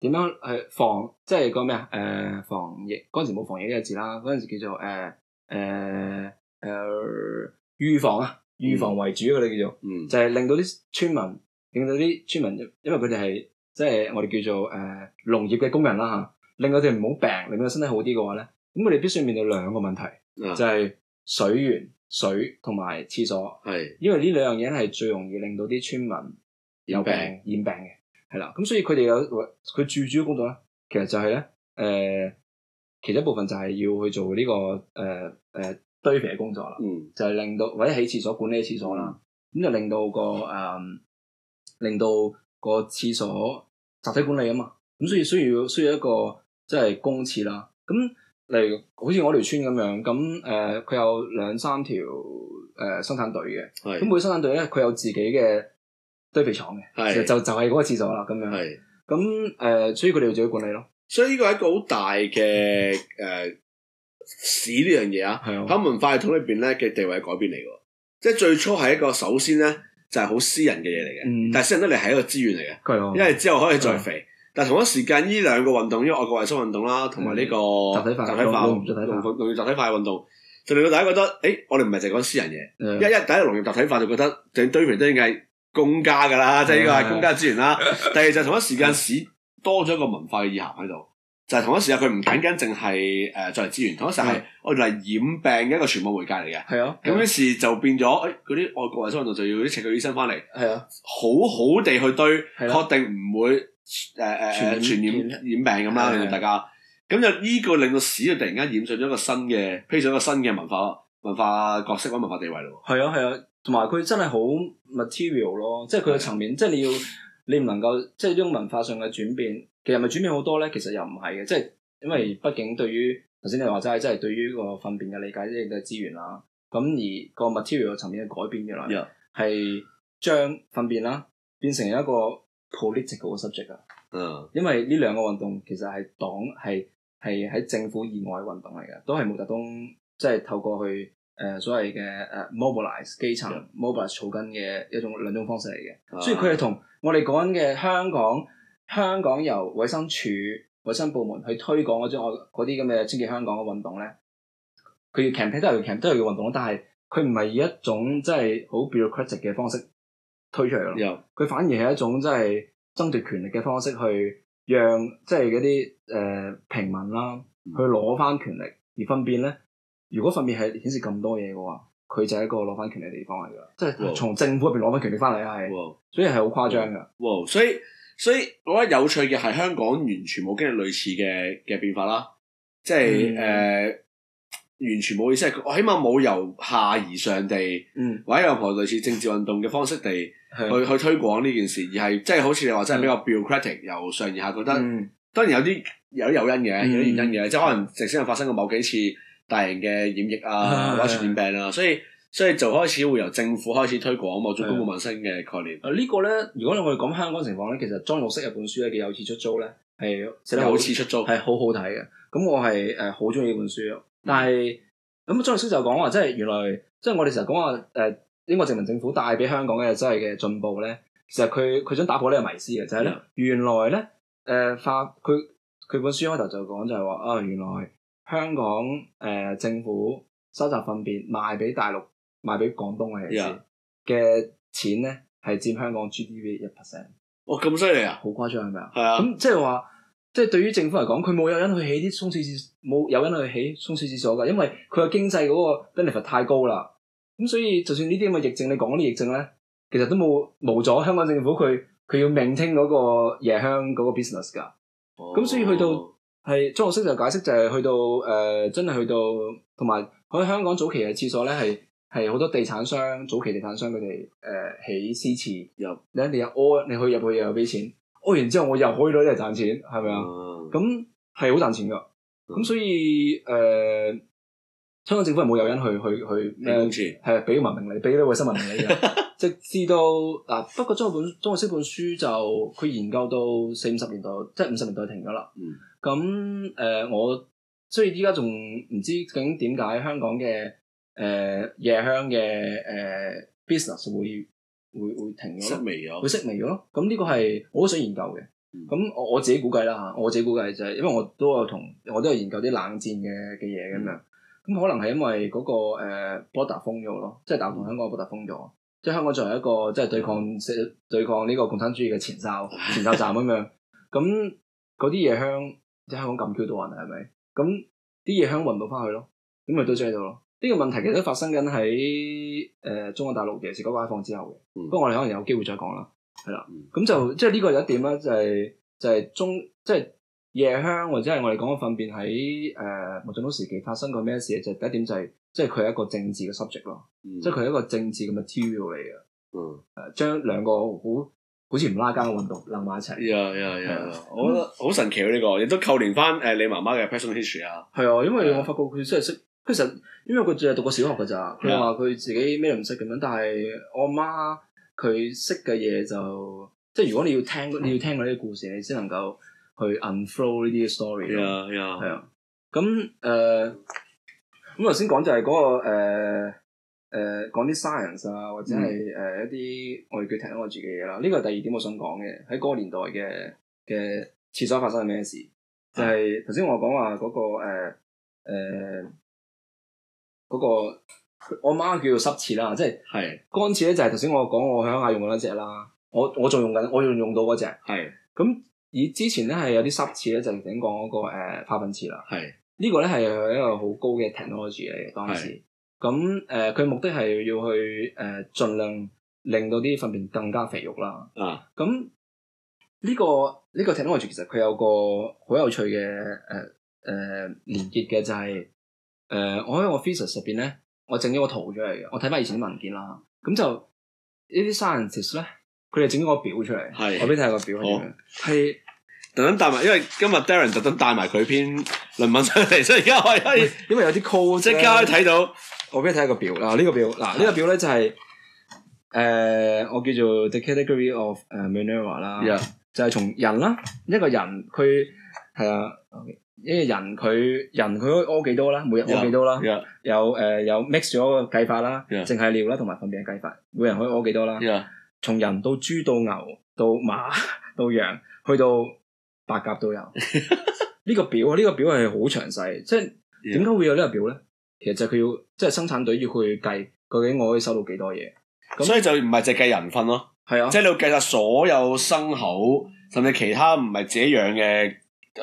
點樣去防？即係個咩啊？誒、呃，防疫嗰陣時冇防疫呢個字啦，嗰陣時叫做誒誒誒預防啊，預防為主佢、啊、哋叫做，嗯、就係令到啲村民，令到啲村民，因為佢哋係即係我哋叫做誒農、呃、業嘅工人啦吓、啊，令到佢哋唔好病，令到身體好啲嘅話咧，咁佢哋必須面對兩個問題，嗯、就係水源、水同埋廁所，係是，因為呢兩樣嘢係最容易令到啲村民有病、染病嘅。係啦，咁所以佢哋有佢最主要工作咧，其實就係、是、咧，誒、呃，其中一部分就係要去做呢、這個誒誒、呃呃、堆肥嘅工作啦，嗯、就係令到或者起廁所管理廁所啦，咁就令到個誒、嗯、令到個廁所集體管理啊嘛，咁所以需要需要一個即係公廁啦，咁、就是、例如好似我條村咁樣，咁誒佢有兩三條誒、呃、生產隊嘅，咁的每個生產隊咧佢有自己嘅。堆肥廠嘅，其實就就係嗰個廁所啦，咁樣。係咁，誒，所以佢哋要自己管理咯。所以呢個係一個好大嘅，誒，屎呢樣嘢啊，喺文化系統裏邊咧嘅地位改變嚟嘅。即係最初係一個首先咧，就係好私人嘅嘢嚟嘅。但係私人得嚟係一個資源嚟嘅。因為之後可以再肥。但係同一時間，呢兩個運動，呢外國衛生運動啦，同埋呢個集體化、集體化、農業農業集體化嘅運動，就令到大家覺得，誒，我哋唔係淨係講私人嘢。一一第一農業集體化就覺得，整堆肥都應該。公家噶啦，的即係呢個係公家資源啦。 第二就同一時間屎多咗一個文化嘅意涵喺度，就係、是、同一時間佢唔僅僅淨係誒作為資源，同一時間係我哋係染病嘅一個傳播媒介嚟嘅。係啊，咁於是就變咗，誒嗰啲外國衛生運動就要啲赤腳醫生翻嚟，係啊的，好好地去堆，確定唔會誒誒傳染染病咁啦，大家，大家。咁的就呢個令到屎就突然間染上咗一個新嘅披上一個新嘅文化文化角色或文化地位咯。係啊的，係啊。同埋佢真係好 material 咯，即係佢嘅層面，即係你要你唔能夠即係呢種文化上嘅轉變，其實咪轉變好多咧？其實又唔係嘅，即係因為畢竟對於頭先你話齋，即係對於個糞便嘅理解，即係嘅資源啦。咁而個 material 嘅層面嘅改變嘅啦，係將糞便啦變成一個 political 嘅 subject 啊。嗯，因為呢兩個運動其實係黨係係喺政府以外運動嚟嘅，都係毛澤東即係透過去。誒、uh, 所謂嘅誒、uh, m o b i l i z e 基層 Yeah. m o b i l i z e 草根嘅一種兩種方式嚟嘅，uh, 所以佢係同我哋講緊嘅香港香港由衛生署、衛生部門去推廣嗰種我啲咁嘅‘清潔香港’嘅運動咧，佢要 campaign 都係要 campaign 都係要運動，但係佢唔係以一種即係好 b u r e a u c r a t i c 嘅方式推出嚟咯，佢 Yeah. 反而係一種即係爭奪權力嘅方式去讓即係嗰啲誒平民啦、啊、去攞翻權力而分辨咧，如果分別係顯示咁多嘢嘅話，佢就係一個攞翻權力嘅地方嚟嘅，即係從政府入邊攞翻權力翻嚟，係，所以係好誇張㗎。所以，所以我覺得有趣嘅係香港完全冇經歷類似嘅嘅變化啦，即係誒，完全冇意思係，我起碼冇由下而上地，或者任何類似政治運動嘅方式地去去推廣呢件事，而係即係好似你話真係比較 bureaucratic 由上而下，覺得當然有啲有啲原因嘅，有啲原因嘅，即係可能直先有發生過某幾次。大型嘅染疫啊，的或者傳染病啊，的所以所以就開始會由政府開始推廣嘛，做公共衛生嘅概念。啊，呢個咧，如果我哋講香港情況咧，其實莊玉惜嘅本書咧叫《有廁出租》咧，係寫得好有廁出租，係好好睇嘅。咁我係誒好中意呢本書，但係咁莊玉惜就講話，即係原來即係我哋成日講話誒，英國殖民政府帶俾香港嘅真係嘅進步咧，其實佢佢想打破呢個迷思嘅，就係、是、咧的原來咧誒，發佢佢本書開頭就講就係、是、話啊，原來。原來香港誒、呃、政府收集糞便賣俾大陸賣俾廣東嘅嘅 Yeah. 錢咧，係佔香港 GDP 一 percent。哦，咁犀利啊！好誇張係咪啊？係啊。咁即係話，即係對於政府嚟講，佢冇有，有人去起啲沖廁，冇有，有人去起沖廁廁所㗎，因為佢個經濟嗰個 benefit 太高啦。咁所以，就算呢啲咁嘅疫症，你講啲疫症咧，其實都冇冇咗香港政府佢佢要 maintain 嗰個夜香嗰個 business 㗎。咁、oh. 所以去到。係鍾浩息就解釋，就係去到誒、呃、真係去到同埋喺香港早期嘅廁所咧，係係好多地產商，早期地產商佢哋誒起私廁又，你一定有屙，你可以入去又俾錢，屙完之後我又可以攞啲嚟賺錢，係咪啊？咁係好賺錢㗎，咁所以誒香港政府係冇有，有人去去去，係俾、嗯、文明嘅，俾啲衛生文明嘅， 直至到嗱、啊。不過鍾浩本鍾浩息本書就佢研究到四五十年代，即係五十年代停咗啦。嗯咁誒、呃、我，所以依家仲唔知究竟點解香港嘅誒、呃、夜香嘅誒、呃、business 會會會停咗，會熄微咗咯。咁呢個係我好想研究嘅。咁、嗯、我我自己估計啦吓，我自己估計就係、是、因為我都有同我都有研究啲冷戰嘅嘅嘢咁樣。咁、嗯、可能係因為嗰、那個、呃、波達封咗咯，即係大陸同香港嘅波達封咗，即係、嗯、香港作為一個即係、就是、對抗對抗呢個共產主義嘅前哨前哨站咁樣。咁嗰啲夜香。即係香港禁區都話係咪？咁啲嘢喺運到翻去咯，咁咪都追到度咯。呢、這個問題其實都發生緊喺誒中國大陸，尤其是解放之後嘅。嗯、不過我哋可能有機會再講啦，係啦。咁就即係呢個一點啦，就係、是、就係、是、中即係夜香或者係我哋講嘅糞便喺誒毛澤東時期發生過咩事？就是、第一點就係、是、即係佢係一個政治嘅 subject 咯，即係佢係一個政治咁嘅 material 嚟嘅。嗯，誒將兩個好。好似唔拉更嘅運動，諗埋一齊。啊啊啊！我覺得好神奇喎呢個，亦都扣連翻誒你媽媽嘅 personal history 啊。係啊，因為我發覺佢真係識，其實因為佢淨係讀過小學㗎咋，佢話佢自己咩都唔識咁樣。但係我阿媽佢識嘅嘢就，即係如果你要聽，你要聽佢啲故事，你先能夠去 unflow 呢啲 story。係啊係啊。係啊。咁誒，咁頭先講就係嗰個誒，講啲 science 啊，或者係誒、呃、一啲我哋叫 technology 嘅嘢啦，呢個係第二點我想講嘅。喺嗰個年代嘅嘅廁所發生係咩事？就係頭先我講話嗰個誒誒嗰個我媽叫做濕廁啦，即係乾廁咧就係頭先我講我喺鄉下用嗰隻啦。我我仲用緊，我仲用，用到嗰隻。係咁是以之前咧係有啲濕廁咧就係點講嗰個誒化糞池啦。係是呢個咧係一個好高嘅 technology 嚟，嘅，當時。咁誒，佢、呃、目的係要去誒、呃，盡量令到啲糞便更加肥肉啦。啊、呢個！咁、呢、呢個呢個 technology 其實佢有個好有趣嘅誒誒連結嘅、就係，就係誒我喺我 physics 入邊咧，我整咗個圖出嚟嘅。我睇翻以前啲文件啦，咁就呢啲 scientists 咧，佢哋整咗個表出嚟。係是，我俾睇下一個表係點樣。係特登帶埋，因為今日 Daren 特登帶埋佢篇論文上嚟，所以而家可以 因為有啲 call，即刻可以睇到。我俾你睇下個表啦，呢、啊這個表嗱呢、啊這個表咧就係、是、誒、呃、我叫做 the category of 誒 manure 啦，就係、是、從人啦，一個人佢係啊，一個人佢人佢可以屙幾多啦，每日屙幾多啦 Yeah.、呃，有誒有 mix 咗個計法啦，淨係 Yeah. 尿啦同埋糞便嘅計法，每人可以屙幾多啦？從 Yeah. 人到豬到牛到馬到羊，去到白鴿都有呢 個表，呢、這個表係好詳細，即係點解會有呢個表咧？其實就佢要，即係生產隊要去計，究竟我可以收到幾多嘢？咁所以就唔係淨計人分咯，係啊，即係你要計晒所有牲口，甚至其他唔係自己養嘅，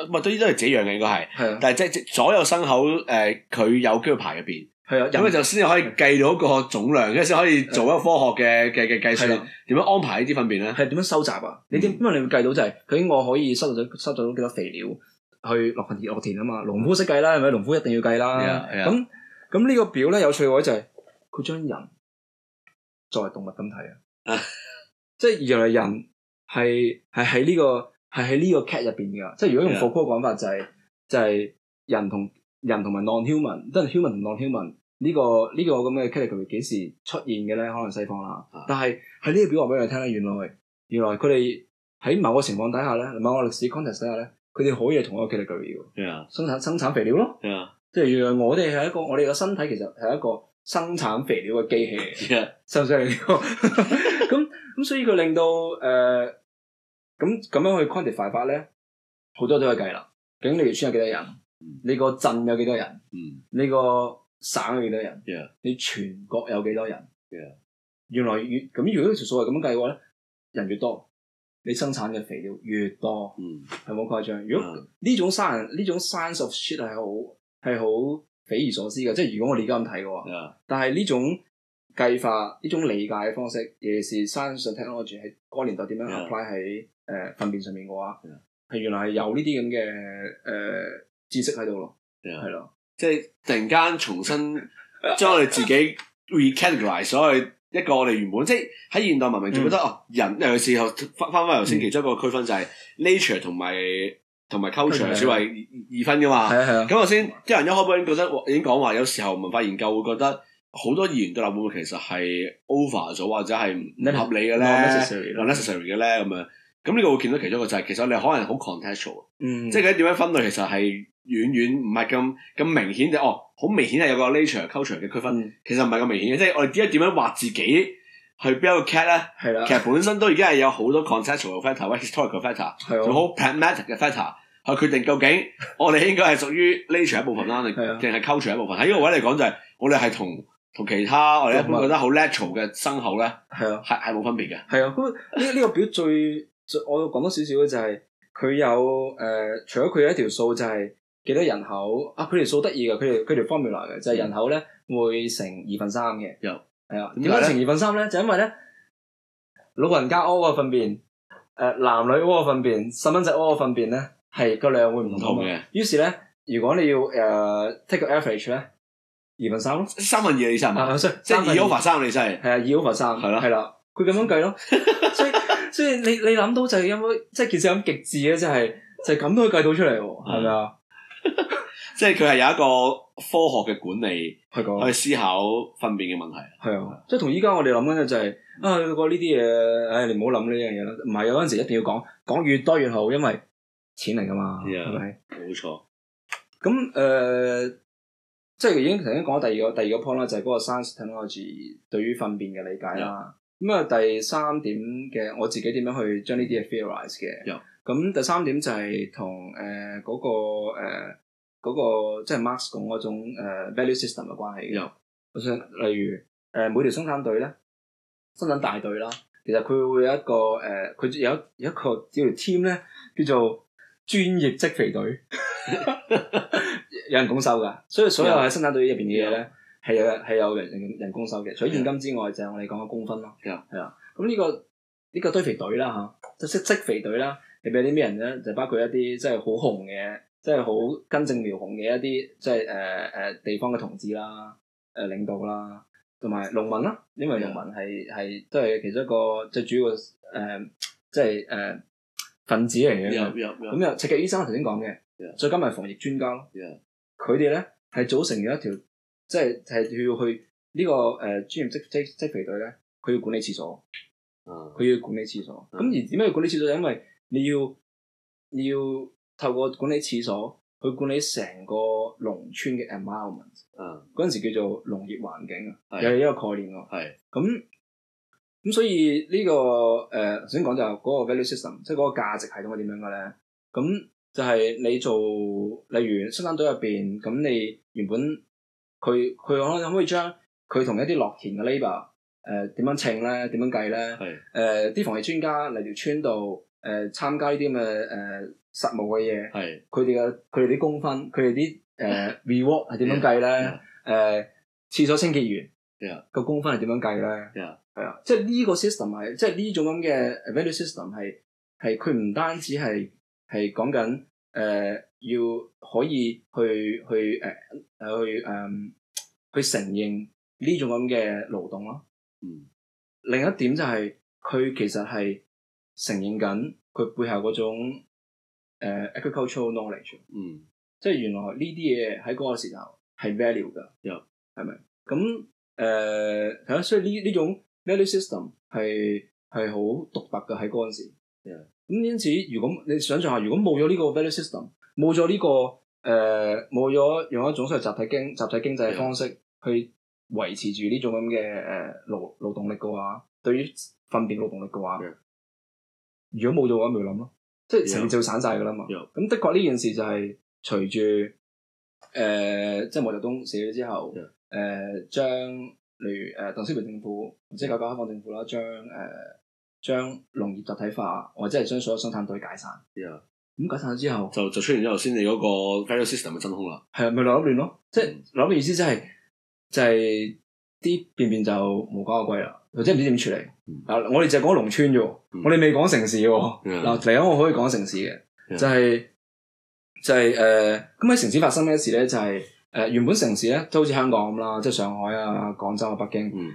唔係都都係自己養嘅應該係，係啊，但係即係所有牲口誒，佢有編號牌入邊，係啊，咁就先可以計到個總量，跟住先可以做一個科學嘅嘅嘅計算，點樣安排呢啲糞便咧？係點樣收集啊？你點因為你會計到就係，究竟我可以收集收到幾多肥料去落田落田啊嘛？農夫識計啦，係咪？農夫一定要計啦，係啊，咁。咁呢個表咧，有趣嘅話就係佢將人作為動物咁睇啊， 即係原來人係係喺呢個係喺呢個 cat 入邊嘅，即係如果用福柯嘅講法就係、是、就係、是、人同人同埋 non-human，即係 human 同 non-human 呢個呢、這個咁嘅、這個、category 幾時出現嘅咧？可能西方啦，但係喺呢個表話俾你聽咧，原來原來佢哋喺某個情況底下咧，某個歷史 context 底下咧，佢哋可以係同一個 category 喎，Yeah. 生產生產肥料咯。Yeah. 即係原來我哋係一個，我哋個身體其實係一個生產肥料嘅機器嚟嘅，Yeah. 收唔咁咁所以佢令到誒咁咁樣去 quantify 法咧，好多都去計啦。你條村有幾多人？Mm. 你個鎮有幾多人？嗯，mm. 你個省有幾多人？嗯，Yeah. 你全國有幾多人？嗯，Yeah. 原來越咁如果條數係咁樣計嘅話咧，人越多，你生產嘅肥料越多，嗯，mm. 有冇誇張？Yeah. 如果呢種 science 呢種 science of shit 係好係好匪夷所思嘅，即係如果我哋而家咁睇嘅話，Yeah. 但係呢種計法、呢種理解嘅方式，尤其是山上 technology 喺嗰年代點樣 apply 喺誒糞便上面嘅話，係 Yeah. 原來係有呢啲咁嘅誒知識喺度咯，係咯 Yeah. 的，即係突然間重新將我哋自己 recategorize 所謂一個我哋原本 Yeah. 即係喺現代文明仲覺得、mm. 哦人，尤其是學翻翻翻由先期其中一個區分就係 nature 同埋，同埋 culture 所謂二分噶嘛、嗯，咁頭先啲、嗯、人一開波已經覺得已經講話，有時候文化研究會覺得好多二元對立會唔會其實係 over 咗或者係唔合理嘅咧，唔 necessary 嘅咧咁樣，咁呢個會見到其中一個就係、是，其實你可能好 contextual，、嗯、即係佢點樣分類其實係遠遠唔係咁咁明顯嘅，嗯、哦，好明顯係有個 nature culture 嘅區分，其實唔係咁明顯嘅，即係我哋點解點樣畫自己。去邊一個 cat 咧？其實的本身都已經係有好多 conceptual factor、historical factor，仲好 pragmatic 嘅 factor 去決定究竟我哋應該係屬於 nature 一部分啦，定係 culture 一部分？喺呢的個位嚟講就係、是、我哋係同同其他我哋一部分覺得好 natural 嘅牲口咧，係係冇分別嘅。係啊，咁呢呢個表最我講多，就是呃、多少少咧、啊，就係佢有誒，除咗佢有一條數就係幾多人口啊，佢條數得意嘅，佢佢條 formula 嘅就係人口咧會成二分三嘅有。係啊，點解呈二分三咧？就是、因為咧，老人家屙個糞便，誒，男女屙個糞便，細蚊仔屙個糞便咧，係個量會唔同嘅。於是咧，如果你要誒、uh, take 個 average 咧，二分三咯。三分二你真係，即係二 over 三你真係。係啊，二 over 三係啦，係啦的，佢咁的樣計咯。 所以所以你你諗到就係有冇即係件事咁極致咧？就係、是、就係咁都可以計到出嚟，係咪啊？即係佢係有一個。科學嘅管理去去思考糞便嘅問題，係、就是嗯、啊，即係同依家我哋諗緊嘅就係啊，嗰呢啲嘢，唉，你唔好諗呢樣嘢啦。唔係有嗰陣時一定要講，講越多越好，因為錢嚟噶嘛，係咪的？冇錯的。咁誒沒錯、呃，即係已經頭先講咗第二個第二個 point 啦，就係、是、嗰個 Science Technology 對於糞便嘅理解啦。咁啊，第三點嘅我自己點樣去將呢啲嘢 feelize 嘅，咁第三點就係同誒嗰個誒。呃呃呃呃呃呃呃呃嗰、那個即係 Marx 講嗰種、呃、value system 嘅關係嘅，我想 Yeah. 例如誒、呃、每條生產隊咧，生產大隊啦，其實佢會有一個誒，佢、呃、有有一個叫 team 咧，叫做專業積肥隊， 有人工收嘅，所以所有喺生產隊入邊嘅嘢咧，係 Yeah. 有係有人人工收嘅。除咗現金之外，Yeah. 就係我哋講嘅工分咯，係啊，咁呢個呢個堆肥隊啦嚇，即係積肥隊啦，你俾啲咩人咧？就包括一啲即係好紅嘅。即係好根正苗紅嘅一啲，即係誒誒地方嘅同志啦，誒領導啦，同埋農民啦，因為農民係係都係其中一個，即係主要嘅誒，即係誒分子嚟嘅。咁又，赤腳醫生我頭先講嘅，再加埋防疫專家咯。佢哋咧係組成咗一條，即係係要去呢個誒專業職職職皮隊咧，佢要管理廁所，佢要管理廁所。咁而點解要管理廁所？因為你要要。透過管理廁所，去管理成個農村嘅 environment，嗰陣、嗯、時叫做農業環境啊，又係的一個概念喎。係咁咁，所以呢、這個誒，頭先講就係嗰個 value system，即係嗰個價值系統係點樣嘅咧？咁就係你做，例如生產隊入邊，咁你原本佢佢可可唔可以將佢同一啲落田嘅 labour，誒、呃，點樣稱咧？點樣計咧？係誒的，啲防疫專家嚟條村度，誒、呃，參加呢啲咁嘅誒。呃實務嘅嘢，佢哋嘅佢哋啲工分，佢哋啲誒 reward 係點樣計咧？誒，廁所清潔員個工分係點樣計咧？係啊，即係呢個 system 係，即係呢種咁嘅 value system 係，係佢唔單止係係講緊誒要可以去去誒去誒去承認呢種咁嘅勞動咯。嗯，另一點就係佢其實係承認緊佢背後嗰種。誒 ecological knowledge，嗯，mm. 即係原來呢啲嘢喺嗰個時候係 value 噶，有係咪？咁誒係啊，所以呢呢種 value system 係係好獨特嘅喺嗰陣時，咁 Yeah. 因此如果你想象下，如果冇咗呢個 value system，冇咗呢個誒冇咗用一種所謂集體經集體經濟嘅方式去維持住呢種咁嘅誒勞勞動力嘅話，Yeah. 對於訓練勞動力嘅話，Yeah. 如果冇咗嘅話，咪諗咯。Hmm. 即係成就散晒噶啦嘛，咁 Yeah. 的確呢件事就係隨住誒，即係毛澤東死咗之後，誒將 Yeah.、呃、例如誒鄧小平政府，即係搞改革開放政府啦，將誒將農業集體化，或者係將所有生產隊解散，咁 Yeah.、嗯、解散咗之後，就就出現咗頭先你嗰個 capital system 嘅真空啦，係咪亂咁亂咯？即係諗嘅意思即係就係啲便便就無家可歸啦。又真係唔知點處理嗱，嗯、我哋淨係講農村啫，嗯、我哋未講城市喎。嗱、嗯，嚟緊我可以講城市嘅、嗯就是，就係就係誒，咁、呃、喺城市發生咩事咧，就係、是、誒、呃、原本城市咧都好似香港咁啦，即、就、係、是、上海啊、廣、嗯、州啊、北京，嗯、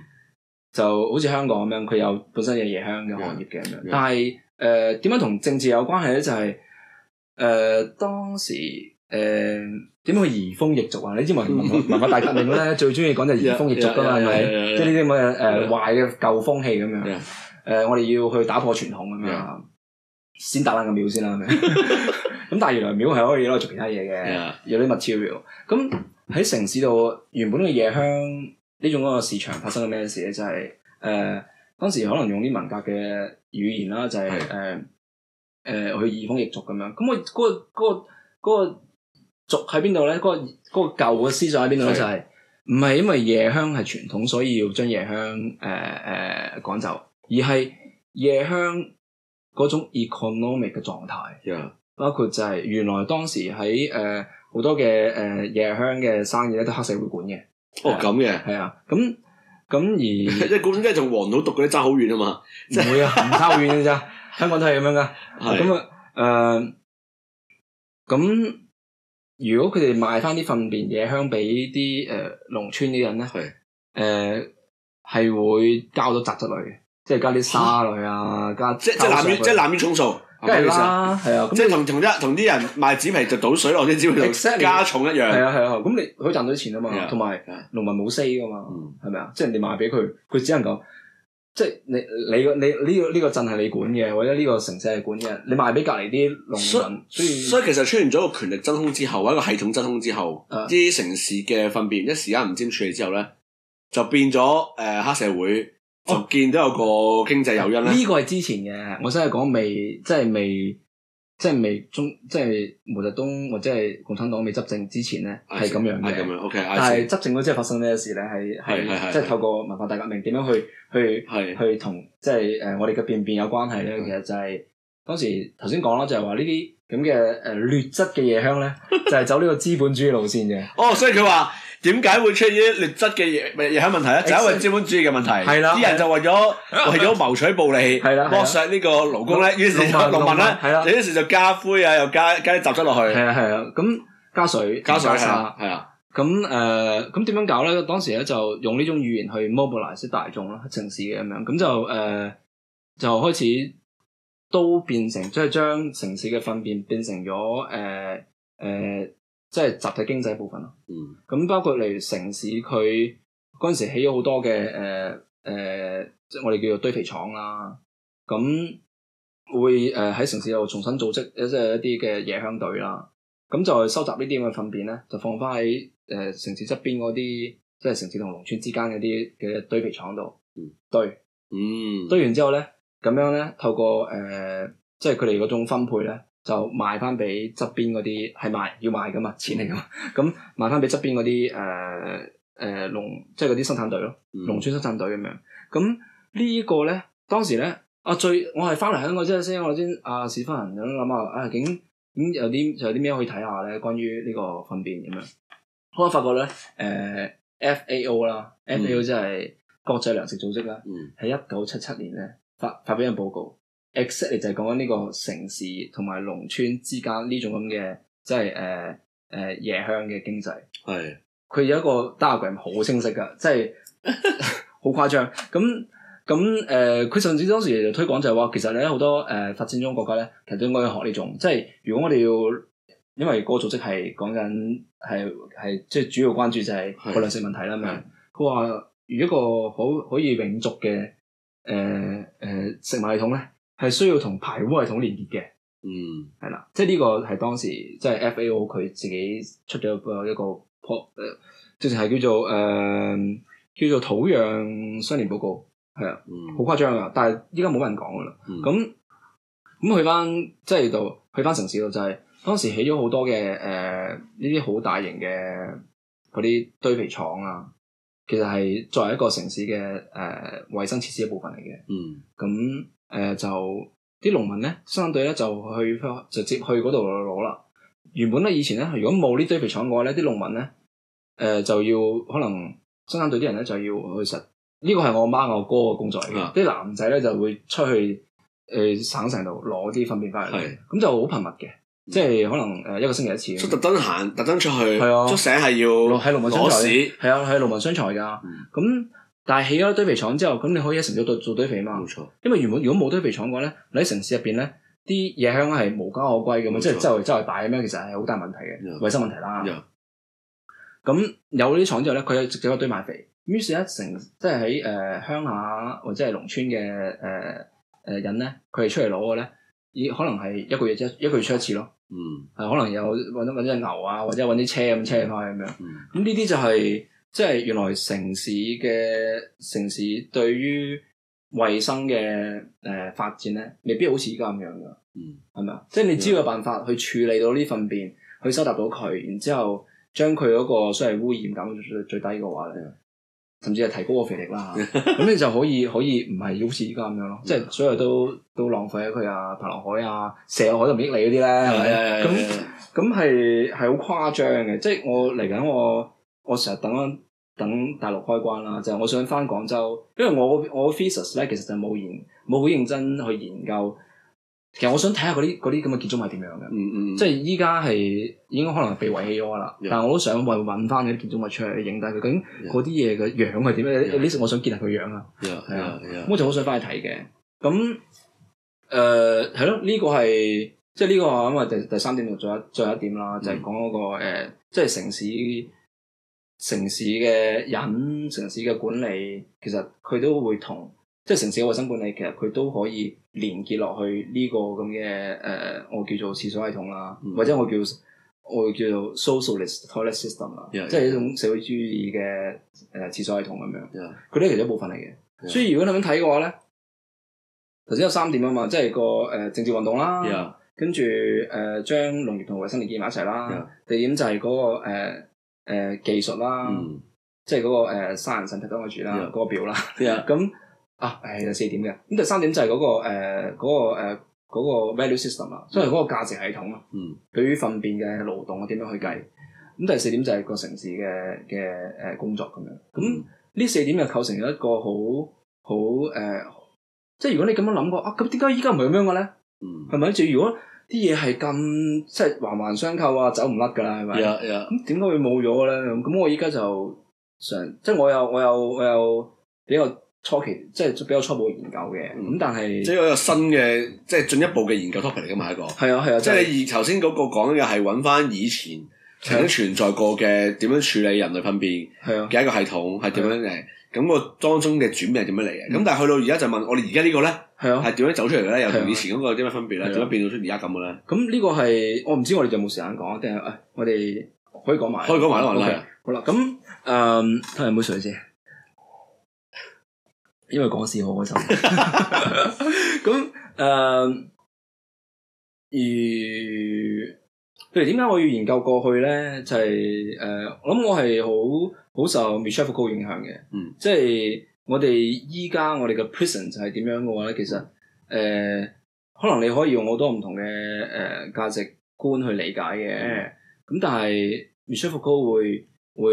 就好似香港咁樣，佢有本身有夜香嘅行業嘅。嗯、但係誒點樣同政治有關係咧？就係、是、誒、呃、當時誒。呃嗯點樣去移風易俗啊？你知唔知文文化大革命咧最中意講就移風易俗噶嘛？係咪？即係呢啲咁嘅誒壞嘅舊風氣咁樣。誒，我哋要去打破傳統咁樣，先打爛個廟先啦。係咪？咁但係原來廟係可以攞嚟做其他嘢嘅，有啲 material。咁喺城市度原本嘅夜香呢種嗰個市場發生咗咩事咧？就係誒，當時可能用啲文革嘅語言啦，就係誒誒去移風易俗咁樣。咁我嗰個個個。喺邊度咧？嗰個嗰個舊嘅思想喺邊度咧？就係唔係因為夜香係傳統，所以要將夜香誒誒趕走，而係夜香嗰種 economic 嘅狀態。包括就係原來當時喺誒好多嘅誒夜香嘅生意咧，都黑社會管嘅。哦，咁嘅係啊。咁咁而即係估唔到，即係同黃島讀嗰啲揸好遠啊嘛！唔會啊，唔差好遠嘅咋。香港都係咁樣㗎。係咁啊誒咁。如果佢哋賣翻啲糞便嘢，香俾啲誒農村啲人咧，誒係會加到雜質落嘅，即係加啲沙落啊，加即即濫竽即濫竽充數，梗係啦，啊，即係同同一同啲人賣紙皮就倒水落啲紙皮度加重一樣，係啊係啊，咁你佢賺到錢啊嘛，同埋農民冇 say 噶嘛，係咪啊？即係人哋賣俾佢，佢只能夠。即係你你、這個你呢、這個呢個鎮係你管嘅，或者呢個城市係管嘅，你賣俾隔籬啲農民，所以所以，所以其實出現咗一個權力真空之後，或者一個系統真空之後，啲、啊、城市嘅糞便一時間唔知點處理之後咧，就變咗誒、呃、黑社會，就見到有個經濟誘因咧。呢、哦這個係之前嘅，我真係講未，即係未。即係未中，即係毛澤東或者係共產黨未執政之前咧，係咁 I see. 樣嘅。Okay, 但係執政嗰陣，即係發生咩事咧？係係，即係、yeah, I 就是、透過文化大革命點樣去去 Yeah. 去同即係誒、呃、我哋嘅便便有關係咧？Yeah. 其實就係、是、當時頭先講啦，就係話呢啲咁嘅誒劣質嘅夜香咧， 就係走呢個資本主義路線嘅。哦，oh, 所以佢話。點解會出現呢啲劣質嘅嘢嘢喺問題咧？就係、是、因為資本主義嘅問題，啲人就為咗、啊、為咗謀取暴利，剝、啊啊啊、削個勞呢個勞工咧。有陣時農民咧，有陣時就加灰啊，又加加啲雜質落去。係啊係啊，咁加水加，加水係啊，咁誒，咁點、嗯呃嗯嗯嗯、樣搞咧？當時咧就用呢種語言去 mobilise 大眾咯，城市嘅咁樣，咁就誒、呃、就開始都變成即係、就是、將城市嘅糞便變成咗誒誒。呃嗯呃即係集體經濟部分咯，咁、嗯、包括例如城市佢嗰陣時起咗好多嘅誒誒，即係我哋叫做堆肥廠啦。咁會誒喺城市又重新組織一即係一啲嘅夜香隊啦。咁就係收集呢啲咁嘅糞便咧，就放翻喺誒城市側邊嗰啲，即係城市同農村之間嗰啲嘅堆肥廠度、嗯、堆。嗯，堆完之後咧，咁樣咧透過誒，即係佢哋嗰種分配咧。就賣翻俾側邊嗰啲，係賣要賣噶嘛，錢嚟噶嘛，咁 賣翻俾側邊嗰啲誒誒農，即係嗰啲生產隊咯，農村生產隊咁樣。咁呢個咧，當時咧，啊最我係翻嚟香港之後先，我先啊屎忽人有諗啊，想想啊竟竟，竟有啲仲有啲咩可以睇下咧？關於呢個糞便咁樣，我發覺咧，誒、呃、F A O 啦，F A O 即係國際糧食組織啦，喺一九七七年咧發發表一份報告。exactly 就係講緊呢個城市同埋農村之間呢種咁嘅，即係誒誒夜鄉嘅經濟，係佢有一個 diagram 好清晰嘅，即係好誇張，咁咁誒佢甚至當時又推廣就係話其實咧好多誒、呃、發展中國家咧，其實都應該學呢種，即係如果我哋要，因為個組織係講緊係係即係主要關注就係個糧食問題啦嘛。佢話是的 以如果一個好可以永續嘅誒誒食物系統咧。係需要同排污系統連結嘅，嗯，係啦，即係呢個係當時即係、就是、FAO 佢自己出咗一個一個，誒、呃，直情係叫做誒、呃、叫做土壤相連報告，係啊，好誇張啊！但係依家冇人講噶啦，咁咁、嗯、去翻即係度去翻城市度就係、是、當時起咗好多嘅誒呢啲好大型嘅嗰啲堆肥廠啊，其實係作為一個城市嘅誒衛生設施嘅部分嚟嘅，嗯，咁。誒、呃、就啲農民咧，生產隊咧就去直接去嗰度攞啦。原本咧以前咧，如果冇呢堆肥廠嘅話咧，啲農民咧誒、呃、就要可能生產隊啲人咧就要去實，呢個係我媽我哥嘅工作嚟嘅。啲、啊、男仔咧就會出去誒、呃、省城度攞啲糞便翻嚟，咁是就好頻密嘅，嗯、即係可能誒一個星期一次。出特登行，特登出去，啊、出省係要喺農民攞屎，係啊，喺農民商財㗎，咁、嗯。但係起咗堆肥廠之後，咁你可以喺城市做堆肥嘛？冇錯，因為原本如果冇堆肥廠嘅話咧，你喺城市入邊咧，啲嘢，香係無家可歸咁嘛。沒錯 即係周圍周圍擺咁樣，其實係好大問題嘅，衛生問題啦。嗯、有，咁有咗啲廠之後咧，佢直接堆埋肥。於是一成即係喺誒鄉下或者係農村嘅誒誒人咧，佢、呃、係、呃呃、出嚟攞嘅咧，以可能係一,一,一個月一一個月出一次咯。嗯，係可能有揾隻牛啊，或者揾啲車咁車嚟翻咁樣。咁呢啲就係。即係原來城市嘅城市對於衛生嘅誒發展咧，未必好似而家咁樣噶，係咪啊？即係你只要有辦法去處理到呢糞便，去收集到佢，然之後將佢嗰個所謂污染減到最低嘅話咧，甚至係提高個肥力啦。咁你就可以可以唔係好似而家咁樣咯，即係所有都都浪費喺佢啊排浪海啊瀉海度面益你嗰啲咧，咁咁係係好誇張嘅。即係我嚟緊我。我成日等等大陸開關啦，就係我想翻廣州，因為我我 physics 咧，其實就冇研冇好認真去研究，其實我想睇下嗰啲啲咁嘅建築物係點樣嘅，即係依家係應該可能係被遺棄咗噶啦，但係我都想為搵翻嗰啲建築物出去，影低佢，究竟嗰啲嘢嘅樣係點樣？呢我想見下佢樣啊，係啊，咁我就好想翻去睇嘅，咁誒係咯，呢個係即係呢個咁啊第第三點度，再一再有一點啦，就係講嗰個誒即係城市。城市嘅人，城市嘅管理，其實佢都會同，即係城市嘅衞生管理，其實佢都可以連結落去呢個咁嘅誒，我叫做廁所系統啦，或者我叫我叫做 socialist toilet system 啦，Yeah, yeah, 即係一種社會主義嘅誒廁所系統咁樣。佢呢 Yeah, 其實一部分嚟嘅，yeah, 所以如果你咁樣睇嘅話咧，頭先 Yeah. 有三點啊嘛，即係個誒、呃、政治運動啦，Yeah. 跟住誒將農業同衞生連結埋一齊啦，第二 Yeah. 點就係嗰、嗰個、呃呃誒、呃，技術啦，即係嗰個誒 Science and Technology 啦，嗰個表啦，咁啊，誒四點嘅，咁第三點就係嗰個誒個誒個 value system 啊，即係嗰個價值系統啊、嗯，嗯，對於糞便嘅勞動點樣去計，咁第四點就係個城市嘅嘅誒工作咁樣，咁呢四點就構成咗一個好好誒，即係如果你咁樣諗過啊，咁點解依家唔係咁樣嘅咧？嗯，係咪？即如果。啊啲嘢係咁即係環環相扣啊，走唔甩㗎啦，係咪？係啊係啊。咁點解會冇咗咧？咁我依家就想，即係我有我有我有比較初期即係比較初步研究嘅，咁、嗯、但係是即係有一個新嘅即係進一步嘅研究 topic 嚟㗎嘛，一個係啊係啊。啊即係是你頭先嗰個講嘅係揾翻以前曾經存在過嘅點樣處理人類糞便嘅一個系統係點樣嘅？咁個當中嘅轉變係點樣嚟嘅？咁但係去到而家就問我哋而家呢個咧係點樣走出嚟嘅咧？又同以前嗰個有啲咩分別咧？點樣變到出而家咁嘅咧？咁呢個係我唔知，我哋就冇時間講定係誒，我哋可以講埋，可以講埋啦，好啦。好啦，咁誒，睇下有冇水先，因為講屎好開心。咁誒，而。譬如點解我要研究過去咧？就係、是、誒、呃，我諗我係好好受 Michel Foucault 影響嘅，嗯，即係我哋依家我哋嘅 present 就係點樣嘅話咧，其實誒、呃，可能你可以用好多唔同嘅誒價值觀去理解嘅，咁、嗯、但係 Michel Foucault 會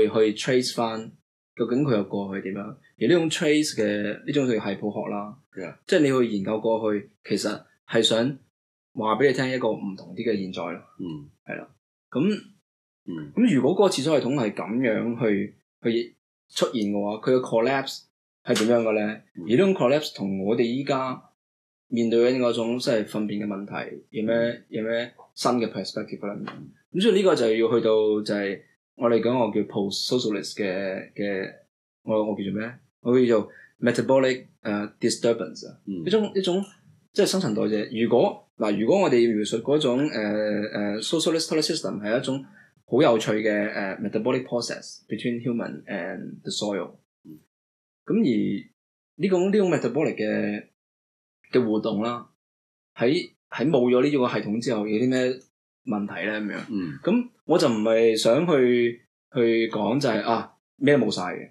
會去 trace 翻，究竟佢嘅過去點樣？而呢種 trace 嘅呢種嘢係系譜學啦，嗯、即係你去研究過去，其實係想。話俾你聽一個唔同啲嘅現在咯，嗯，係啦，咁，嗯，咁如果個廁所系統係咁樣去去出現嘅話，佢嘅 collapse 係點樣嘅咧？嗯、而呢種 collapse 同我哋依家面對緊嗰種即係糞便嘅問題，嗯、有咩有咩新嘅 perspective 咧？咁、嗯、所以呢個就要去到就係我哋講個叫 post-socialist 嘅嘅我我叫做咩？我叫做，做 metabolic 誒、uh, disturbance 啊、嗯，一種一種，一種即係新陳代謝，如果嗱，如果我哋描述嗰種誒、uh, uh, socialist ecosystem 係一種好有趣嘅誒、uh, metabolic process between human and the soil，咁、嗯、而呢個呢種,種 metabolic 嘅嘅活動啦，喺喺冇咗呢個系統之後，有啲咩問題咧？咁樣、嗯，咁我就唔係想去去講就係、是、啊咩冇晒嘅，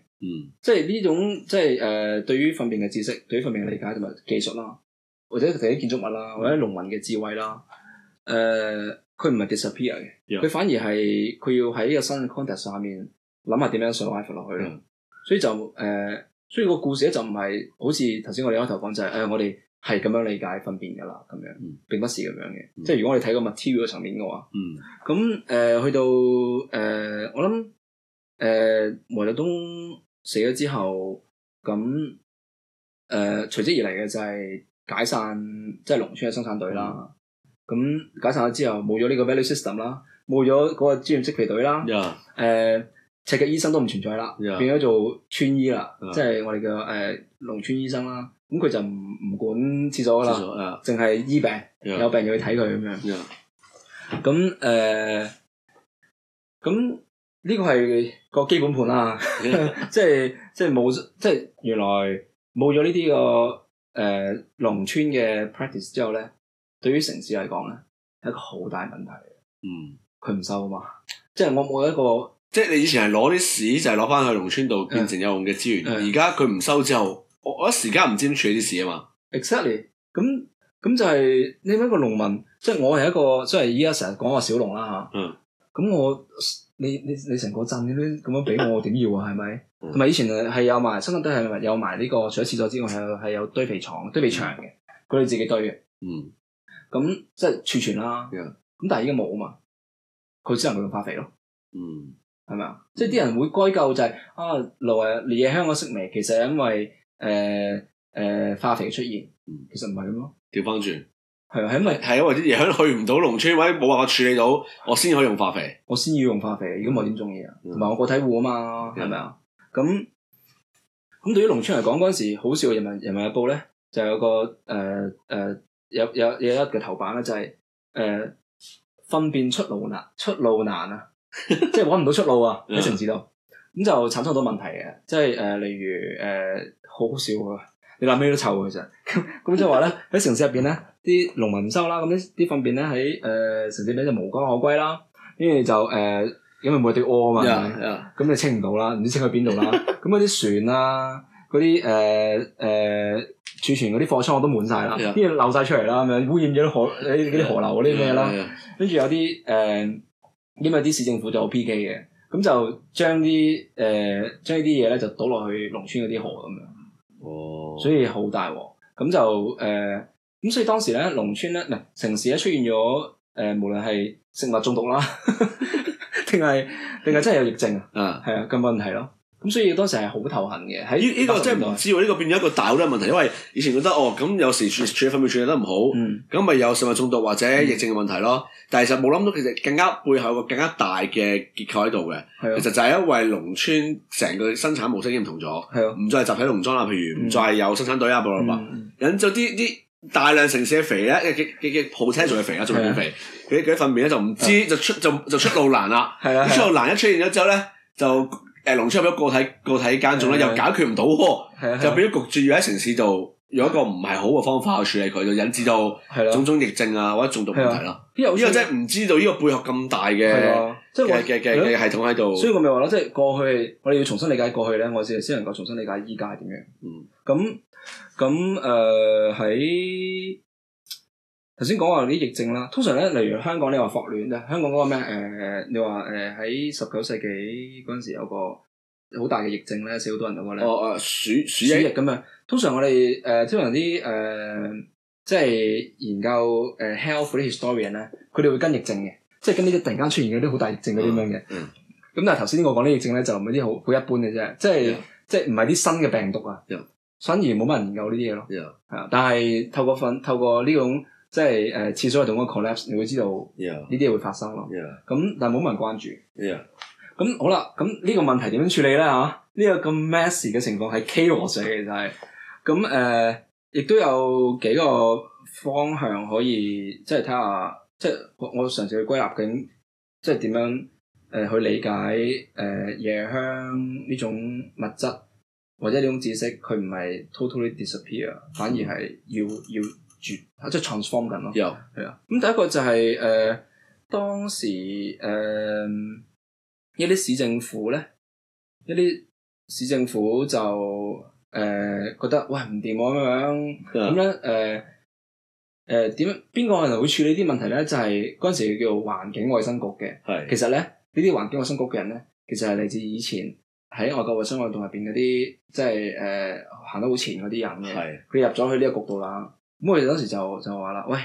即係呢種即係誒對於糞便嘅知識、對於糞便嘅理解同埋技術啦。或者佢哋啲建築物啦，或者農民嘅智慧啦，誒，佢唔係 disappear 嘅，佢反而係佢要喺呢個新嘅 context 下面諗下點樣 survive 落去咯。所以就誒，所以個故事咧就唔係好似頭先我哋開頭講就係誒，我哋係咁樣理解糞便噶啦，咁樣並不是咁樣嘅。即係如果我哋睇個 material 嘅層面嘅話，咁誒去到誒，我諗誒毛澤東死咗之後，咁誒隨即而嚟嘅就係。解散即係、就是、農村嘅生產隊啦，咁、嗯、解散咗之後冇咗呢個 value system 啦，冇咗嗰個專業職皮隊啦，誒 Yeah.、嗯，赤腳醫生都唔存在啦，Yeah. 變咗做村醫啦，即係 Yeah. 我哋嘅誒農村醫生啦，咁、uh, 佢、bueno. 就唔唔管廁所啦，淨係醫病，有病就去睇佢咁樣，咁誒，咁呢個係個基本盤啦，即係即係冇即係原來冇咗呢啲個。誒、呃、農村嘅 practice 之後咧，對於城市嚟講咧，係一個好大問題嚟嘅。嗯，佢唔收啊嘛，即係我冇一個，即係你以前係攞啲屎就係攞翻去農村度變成有用嘅資源，而家佢唔收之後，我，我一時間唔知點處理啲屎啊嘛。Exactly，咁咁就係你揾個農民，即係我係一個，即係依家成日講話小農啦吓？嗯，咁我。你你你成個陣你都咁樣俾我點要啊係咪？同埋、嗯、以前誒係有埋，深圳都係有埋，有埋呢個除咗廁所之外，係有，有堆肥廠、堆肥場嘅，佢哋自己堆嘅。嗯，咁即係儲存啦。咁、嗯、但係依家冇啊嘛，佢只能夠用化肥咯。嗯，是是，係咪、就是、啊？即係啲人會歸咎就係啊，羅誒，劣香港式微，其實係因為誒誒、呃呃呃、化肥出現。其實唔係咁咯。調翻轉。係啊，係因為係因為啲嘢去唔到農村或者冇辦法處理到，我先可以用化肥，我先要用化肥。如果冇點鍾意啊，同埋我個體戶啊嘛，係咪啊？咁咁對於農村嚟講嗰陣時，好笑人民日報咧，就有個誒誒、呃呃、有有有一個頭版咧，就係、是、誒、呃、分辨出路難，出路難啊， 即係搵唔到出路啊喺城市度，咁 就產生好多問題嘅，即係誒、呃、例如誒、呃、好好笑啊！你諗咩都臭，其實咁咁即係話咧，喺城市入邊咧，啲農民唔收啦，咁啲啲糞便咧喺誒城市入邊就無家可歸啦。跟住就誒、呃，因為冇一對啊嘛，咁你 Yeah, yeah. 清唔到啦，唔知清去邊度啦。咁嗰啲船啦，嗰啲誒誒儲存嗰啲貨倉我都滿晒啦，跟住 Yeah. 漏晒出嚟啦，咁樣污染咗啲河，啲河流嗰啲咩啦，跟住、uh, yeah. 有啲誒、呃，因為啲市政府就有 P K 嘅，咁就將啲誒將呢啲嘢咧就倒落去農村嗰啲河咁樣。哦。所以好大鑊、啊，咁就誒，咁、呃、所以當時咧，農村咧，唔、呃、城市咧，出現咗誒、呃，無論係食物中毒啦，定係定係真係有疫症啊，係啊，個問題咯。咁所以當時係好頭痕嘅，喺呢呢個真係唔知喎，呢、這個變咗一個大好多問題，因為以前覺得哦，咁有時處理分處理糞便處理得唔好，咁咪、嗯、有食物中毒或者疫症嘅問題咯。但係就冇諗到其實更加背後個更加大嘅結構喺度嘅，其實就係因為農村成個生產模式已經唔同咗，唔、嗯、再係集體農莊啦，right, 譬如唔再係有生產隊啊，噉 no、嗯、樣啊，引啲啲大量城市嘅肥咧，嘅嘅嘅泡車仲係肥啊，做嘅肥，佢佢啲糞便咧就唔知、uh、就出就就，就，就出路難啦。係啊，出路難一出現咗之後咧就。誒農村入邊個體個體耕種咧的又解決唔到，就變咗焗住要喺城市度用一個唔係好嘅方法去處理佢，就引致到種種疫症啊或者中毒問題啦。呢個呢個真係唔知道呢個背後咁大嘅嘅嘅嘅系統喺度。所以我咪話咯，即係過去我哋要重新理解過去咧，我哋先能夠重新理解依家係點樣。嗯，咁咁誒喺。頭先講話啲疫症啦，通常咧，例如香港你話霍亂，香港嗰個咩？誒、呃，你話誒喺十九世紀嗰陣時有個好大嘅疫症咧，死好多人嗰個咧。哦哦，鼠、啊、鼠疫咁啊！通常我哋誒，通常啲即係研究誒 health historian 咧，佢、呃、哋會跟疫症嘅，即係跟呢啲突然間出現嘅啲好大疫症嗰啲咁嘅。嗯。咁但係頭先我講啲疫症咧，就唔係啲好好一般嘅啫，即係 Yeah. 即係唔係啲新嘅病毒啊，反 Yeah. 而冇乜人研究呢啲嘢咯。係啊，但係透過份透過呢種。即係誒，廁所同嗰個 collapse，你會知道呢啲嘢會發生咯。咁但係冇乜人關注。咁好啦，咁呢個問題點樣處理咧？嚇，呢個咁 messy 嘅情況喺 K 和嘅就係咁誒，亦都有幾個方向可以即係睇下，即係我我嘗試去歸納緊，即係點樣誒去理解誒夜香呢種物質或者呢種知識，佢唔係 totally disappear，反而係要要。即係 transform 緊咯，有係啊。咁第一個就係、是、誒、呃、當時誒、呃、一啲市政府咧，一啲市政府就誒、呃、覺得喂唔掂喎咁樣，咁咧誒誒點？邊個嚟會處理啲問題咧？就係嗰陣時叫環境衞生局嘅。係的其實咧，呢啲環境衞生局嘅人咧，其實係嚟自以前喺外國衞生運動入邊嗰啲，即係誒行得好前嗰啲人嘅。佢的入咗去呢個局度啦。咁我哋當時就就話啦，喂，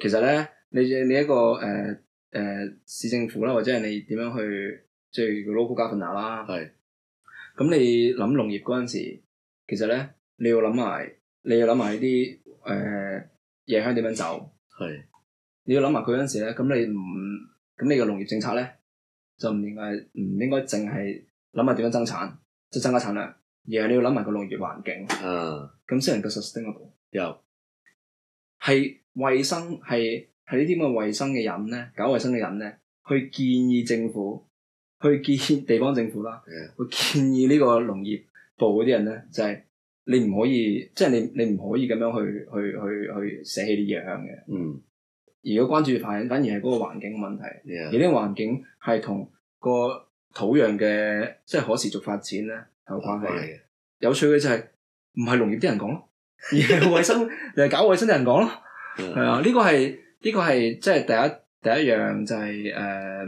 其實咧，你你一個誒誒、呃呃、市政府啦，或者係你點樣去即係 logo 加粉牙啦，係。咁你諗農業嗰陣時，其實咧你要諗埋，你要諗埋啲誒影響點樣走，係是。你要諗埋佢嗰陣時咧，咁你唔咁你個農業政策咧，就唔應該唔應該淨係諗埋點樣增產，即、就、係、是、增加產量，而係你要諗埋個農業環境，啊。咁先能夠 sustain 得到。有。係衞生係係呢啲咁嘅衞生嘅人咧，搞衞生嘅人咧，去建議政府，去建議地方政府啦，Yeah. 去建議呢個農業部嗰啲人咧，就係、是、你唔可以，即、就、係、是、你你唔可以咁樣去去去去，去捨棄啲養嘅。嗯，mm. 而家關注反而反而係嗰個環境嘅問題，Yeah. 而呢個環境係同個土壤嘅即係可持續發展咧有關係。Yeah. 有趣嘅就係唔係農業啲人講咯。 而係衛生，就係 搞衛生嘅人講咯，係啊， 呢個係呢個係即係第一第一樣就係、是、誒、呃、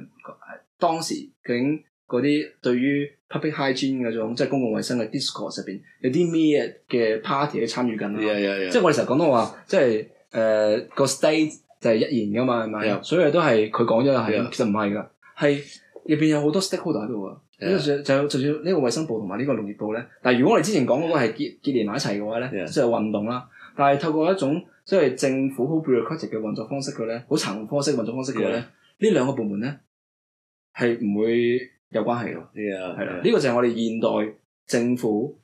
當時究竟嗰啲對於 public hygiene 嗰種即係公共衛生嘅 discourse 入邊有啲咩嘅 party 喺參與緊咯，yeah, yeah, yeah. 即係我哋成日講到話，即係誒、呃這個 state 就係一言噶嘛，係咪？Yeah. 所以都係佢講咗係，Yeah. 其實唔係噶，係入邊有好多 stakeholder 噶喎。就就就呢個衞生部同埋呢個農業部咧，但係如果我哋之前講嗰個係結結連埋一齊嘅話咧，即係運動啦。但係透過一種即係政府好 bureaucratic 嘅運作方式嘅咧，好科層式運作方式嘅咧，呢兩個部門咧係唔會有關係嘅。係啦，呢個就係我哋現代政府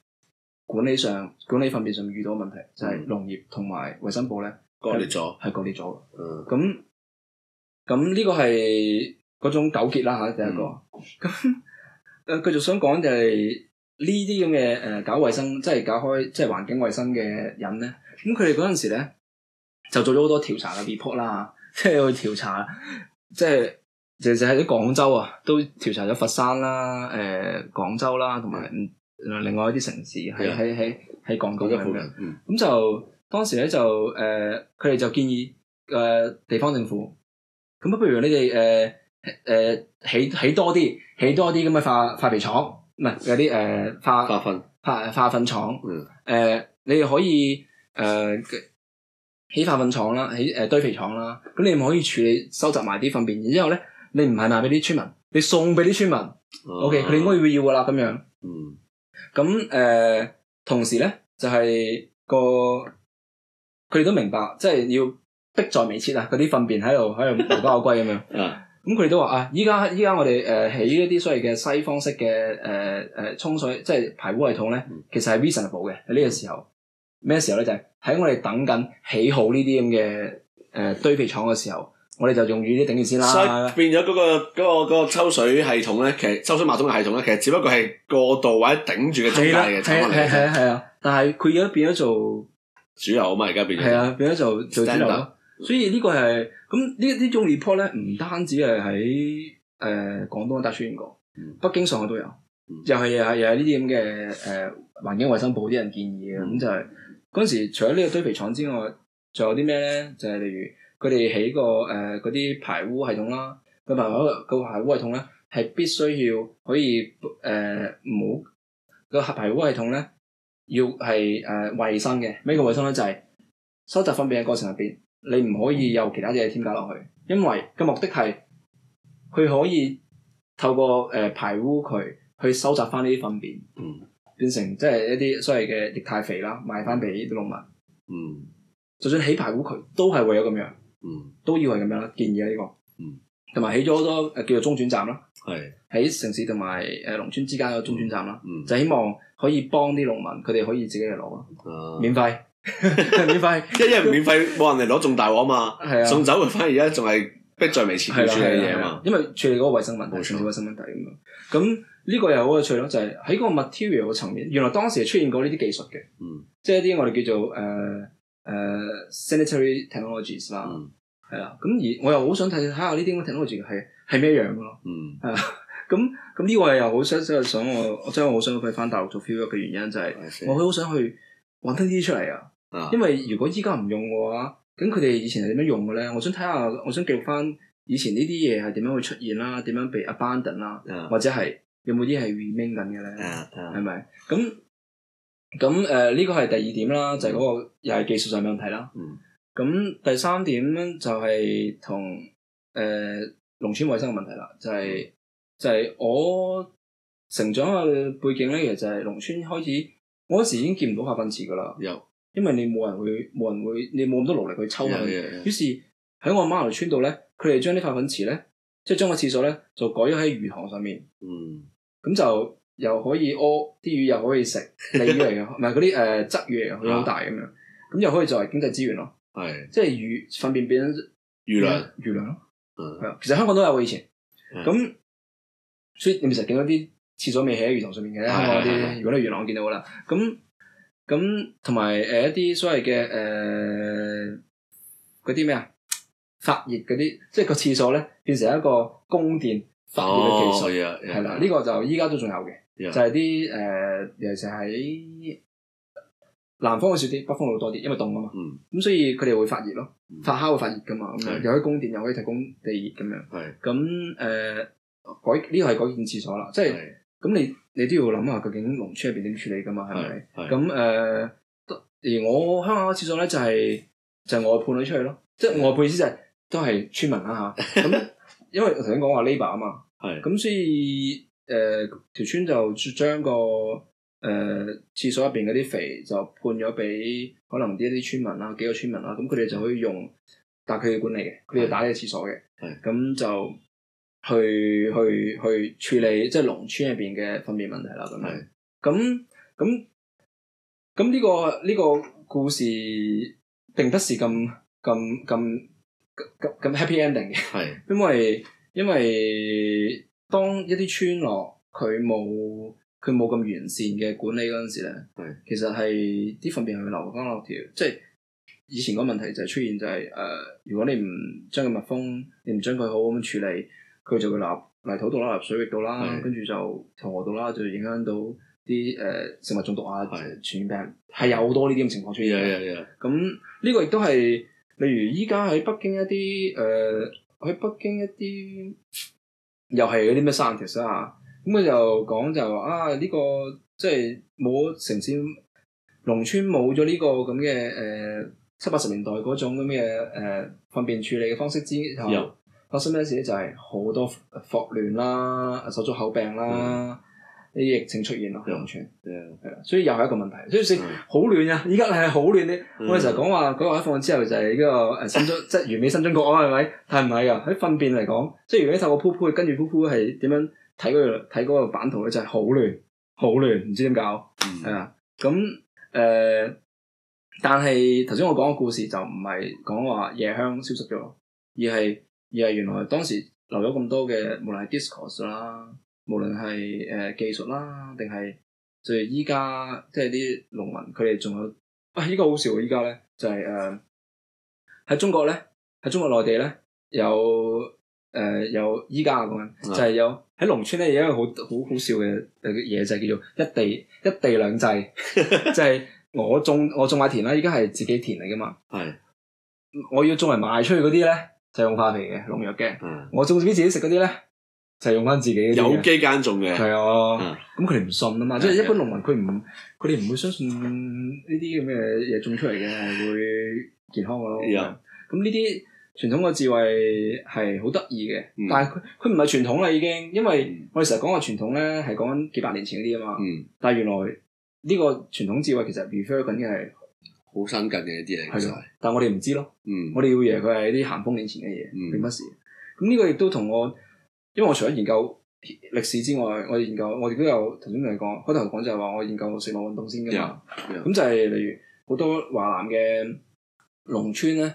管理上，管理層面上面遇到嘅問題，就係農業同埋衞生部咧割裂咗，係割裂咗嘅。咁咁呢個係嗰種糾結啦嚇，第一個咁。誒，繼續、呃、想講就係呢啲咁嘅，誒，搞衛生即係搞開即係環境衛生嘅人咧，咁佢哋嗰陣時咧就做咗好多調查嘅 report 啦，即係去調查，即係成成喺啲廣州啊，都調查咗佛山啦、誒、呃、廣州啦，同埋另外一啲城市係係係係廣州附近咁樣，咁、嗯、就當時咧就誒，佢、呃、哋就建議誒、呃、地方政府，咁啊，譬如你哋誒。呃呃誒、呃，起起多啲，起多啲咁嘅化化，化，化，廠、呃呃化廠呃、肥廠，唔係有啲誒化化糞化化糞廠，誒，你哋可以誒起化糞廠啦，起誒堆肥廠啦，咁你咪可以處理收集埋啲糞便，然之後咧，你唔係賣俾啲村民，你送俾啲村民，O K，佢哋應該會要噶啦，咁樣，嗯，咁誒、嗯，同時咧就係、是、個，佢哋都明白，即、就、係、是、要迫在眉睫啊，嗰啲糞便喺度喺度無家可歸咁樣，啊、 嗯。咁佢哋都話啊，依家依家我哋誒起呢啲所謂嘅西方式嘅誒誒沖水，即係排污系統咧，其實係 reasonable 嘅喺呢個時候。咩時候咧？就係喺我哋等緊起好呢啲咁嘅誒堆肥廠嘅時候，我哋就用住啲頂住先啦。變咗嗰個嗰個抽水系統咧，其實抽水馬桶嘅系統咧，其實只不過係過渡或者頂住嘅狀態嘅，出翻係係係啊！但係佢而家變咗做主流啊嘛，而家變咗係啊，變咗做主流。所以呢個係咁呢，呢種 report 咧，唔單止係喺誒廣東出現過，北京上海都有，又係又係又係呢啲咁嘅誒環境衞生部啲人建議嘅咁、嗯、就係嗰陣時，除咗呢個堆肥廠之外，仲有啲咩咧？就係、是、例如佢哋起個誒嗰啲排污系統啦，佢排污排污系統咧係必須要可以唔好，個、呃、核排污系統咧，要係誒衞生嘅咩叫衞生咧？就係收集分揀嘅過程入邊。你唔可以有其他嘢添加落去，因為個目的係佢可以透過誒、呃、排污渠去收集翻呢啲糞便，嗯、變成即係一啲所謂嘅液態肥啦，賣翻俾啲農民。嗯，就算起排污渠都係為咗咁樣，嗯、都以為咁樣啦，建議呢、呢個。嗯，同埋起咗好多叫做中轉站啦，喺的城市同埋誒農村之間嘅中轉站啦，嗯、就希望可以幫啲農民，佢哋可以自己嚟攞啦，免費。 免費，一因為免費冇人嚟攞重大鑊啊嘛，是啊送走佢反而而家仲係逼在眉前要處理嘢啊嘛、啊，啊、因為處理嗰個衛生問題，處理衛生問題咁樣，咁呢個又好有趣咯，就係、是、喺個 material 嘅層面，原來當時係出現過呢啲技術嘅，嗯、即係一啲我哋叫做誒誒、呃呃、sanitary technologies 啦，係啦、啊，咁而我又好想睇下呢啲咁嘅 technology 係係咩樣嘅咯，嗯，係咁咁呢個又好想，真、就、係、是、想我，即真我好想可以翻大陸做 fieldwork 嘅原因就係、是，我好想去搵啲出嚟啊。因為如果依家唔用嘅話，咁佢哋以前係點樣用嘅咧？我想睇下，我想記錄翻以前呢啲嘢係點樣會出現啦，點樣被 abandon 啦，Yeah. 或者係有冇啲係 remaining 嘅咧？係咪咁咁？誒，呢、呃這個係第二點啦，mm hmm. 就係嗰個又係技術上嘅問題啦。咁、mm hmm. 第三點就係同誒農村衛生嘅問題啦，就係、是 mm hmm. 就係我成長嘅背景咧，其實就係、是、農村開始，我嗰時已經見唔到化糞池噶啦，有、mm。Hmm. 因為你冇人會，冇人會，你冇咁多勞力去抽佢，於是喺我阿媽條村度咧，佢哋將啲化糞池咧，即係將個廁所咧，就改咗喺魚塘上面。嗯，咁就又可以屙啲魚，又可以食，鯉魚嚟嘅，唔係嗰啲誒鯽魚，佢好大咁樣，咁又可以作為經濟資源咯。係，即係魚糞便變魚糧，魚糧咯。係啊，其實香港都有以前。咁所以你咪成日見到啲廁所未喺魚塘上面嘅香港啲，如果你魚塘，我見到噶啦，咁。咁同埋誒一啲所謂嘅誒嗰啲咩啊發熱嗰啲，即係個廁所咧變成一個供電發熱嘅技術，係啦，呢個就依家都仲有嘅，就係啲誒尤其是喺南方會少啲，北方會多啲，因為凍啊嘛，咁所以佢哋會發熱咯，發酵會發熱噶嘛，咁樣又可以供電，又可以提供地熱咁樣，咁誒改呢個係改建廁所啦，即係咁你。你都要諗下，究竟農村入邊點處理噶嘛？係咪？咁誒是是、嗯，而我鄉下個廁所咧就係、是、就是、我判咗出去咯，即、就、係、是、我判意思就係、是、都係村民啦、啊、嚇。咁、啊、因為我頭先講話 Labour 啊嘛，係咁是是、嗯、所以誒條、呃、村就將個誒、呃、廁所入邊嗰啲肥就判咗俾可能啲一啲村民啦，幾個村民啦、啊，咁佢哋就可以用，但佢要管理嘅，佢哋打呢個廁所嘅，咁就。去去去處理即係農村入邊嘅糞便問題啦，咁樣是的。咁咁咁呢個呢個故事並不是咁咁咁咁 happy ending 嘅。係。是的 因為因為當一啲村落佢冇佢冇咁完善嘅管理嗰陣時咧，係。是的 其實係啲糞便係會流江流條，即係以前個問題就係出現，就係誒，如果你唔將個密封，你唔將佢好好咁處理。佢就會立，泥土度啦、水域度啦，是跟住就河度啦，就影響到啲誒、呃、食物中毒啊、傳染是病，係有好多呢啲咁情況出現。咁呢、yeah, yeah , yeah. 這個亦都係，例如依家喺北京一啲誒，喺、呃、北京一啲、呃、又係嗰啲咩 scientist 啊，咁佢就講就話啊呢、這個即係冇城市、農村冇咗呢個咁嘅誒七八十年代嗰種咁嘅誒糞便處理嘅方式之後。發生咩事咧？就係、是、好多霍亂啦、手足口病啦，呢啲、mm hmm. 疫情出現咯，完全係啦 Yeah.，所以又係一個問題。所以先好亂啊！依家係好亂啲。Mm hmm. 我哋成日講話改革開放之後就係呢、那個誒新即係完美新中國啊，係咪？但係唔係㗎。喺糞便嚟講，即係如果你透過鋪鋪跟住鋪鋪係點樣睇嗰、那個睇嗰個版圖咧，就係好亂、好亂，唔知點搞係啊。咁誒、mm hmm. 呃，但係頭先我講個故事就唔係講話夜香消失咗，而係，而係原來當時留咗咁多嘅，無論係 discourse 啦，無論係誒、呃、技術啦，定係就係依家即係啲農民，佢哋仲有啊！依家好笑，依家咧就係誒喺中國咧，喺中國內地咧有誒、呃、有依家咁樣，就係、是、有喺是的 農村咧有一個好好好笑嘅嘢，就係、是、叫做一地一地兩制， 就係我種我種埋田啦，依家係自己田嚟噶嘛，係是的 我要種嚟賣出去嗰啲咧。就用化肥嘅，農藥嘅。嗯、我種俾自己食嗰啲咧，就是、用翻自己有機耕種嘅。係啊、哦，咁佢哋唔信啊嘛，嗯、即係一般農民佢唔，佢哋唔會相信呢啲咁嘅嘢種出嚟嘅係會健康嘅咯。咁呢啲傳統嘅智慧係好得意嘅，嗯、但係佢佢唔係傳統啦，已經，因為我哋成日講嘅傳統咧係講緊幾百年前嗰啲啊嘛。嗯、但係原來呢個傳統智慧其實變咗一個啲係。好生緊嘅一啲嘢，其實，但係我哋唔知咯。嗯，我，我哋要認為佢係啲咸豐年前嘅嘢，並不是。咁呢個亦都同我，因為我除咗研究歷史之外，我研究我亦都有頭先同你講，開頭講就係話我研究農業運動先噶嘛。咁、嗯嗯、就係例如好多華南嘅農村咧，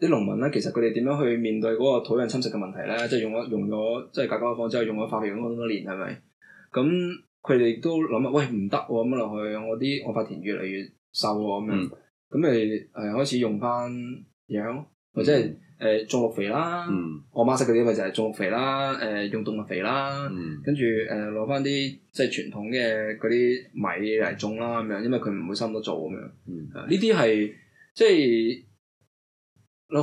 啲農民咧，其實佢哋點樣去面對嗰個土壤侵蝕嘅問題咧？即、就、係、是、用咗用咗即係改革開放之後用咗化肥用咗咁多年，係咪？咁佢哋都諗啊，喂，唔得咁樣落去，我啲我塊田越嚟越瘦咁樣。咁咪誒開始用翻養，或者係誒種綠肥啦。Mm hmm. 我媽識嗰啲咪就係種綠肥啦，誒用動物肥啦，跟住誒攞翻啲即係傳統嘅嗰啲米嚟種啦咁樣，因為佢唔會深得做咁樣。呢啲係即係，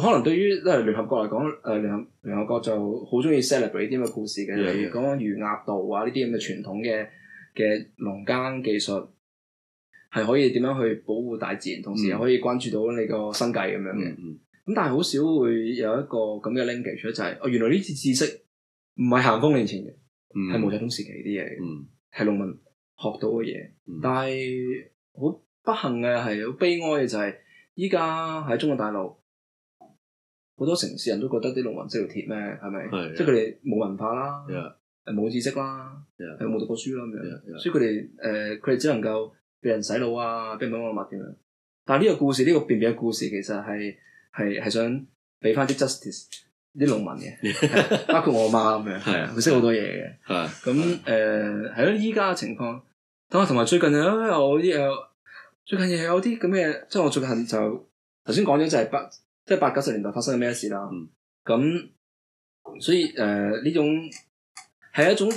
可能對於誒聯合國嚟講，誒聯聯合國就好中意 celebrate 啲咁嘅故事嘅，例如講 Yeah, yeah. 魚鴨稻啊呢啲咁嘅傳統嘅嘅農耕技術。係可以點樣去保護大自然，同時又可以關注到你個生計咁樣嘅。咁、嗯就是、但係好少會有一個咁嘅 linkage，就係、是、哦，原來呢次知識唔係咸豐年前嘅，係、嗯、毛澤東時期啲嘢嘅，係農民學到嘅嘢。嗯嗯、但係好不幸嘅係，好悲哀嘅就係依家喺中國大陸好多城市人都覺得啲農民識條鐵咩？係咪？即係佢哋冇文化啦，冇知識啦，係冇讀過書啦咁樣。所以佢哋誒，佢哋只能夠。俾人洗腦啊，俾唔同嘅物點樣、啊？但係呢個故事，呢、這個便便嘅故事，其實係係係想俾翻啲 justice 啲農民嘅， 包括我媽咁樣。係啊，佢識好多嘢嘅。係、呃。咁誒係咯，依家嘅情況，咁啊同埋最近啊，有有最近又、哎、有啲咁嘅，即係、就是、我最近就頭先講咗就係、是、八，即係八九十年代發生嘅咩事啦、啊。咁所以誒呢、呃、種係一種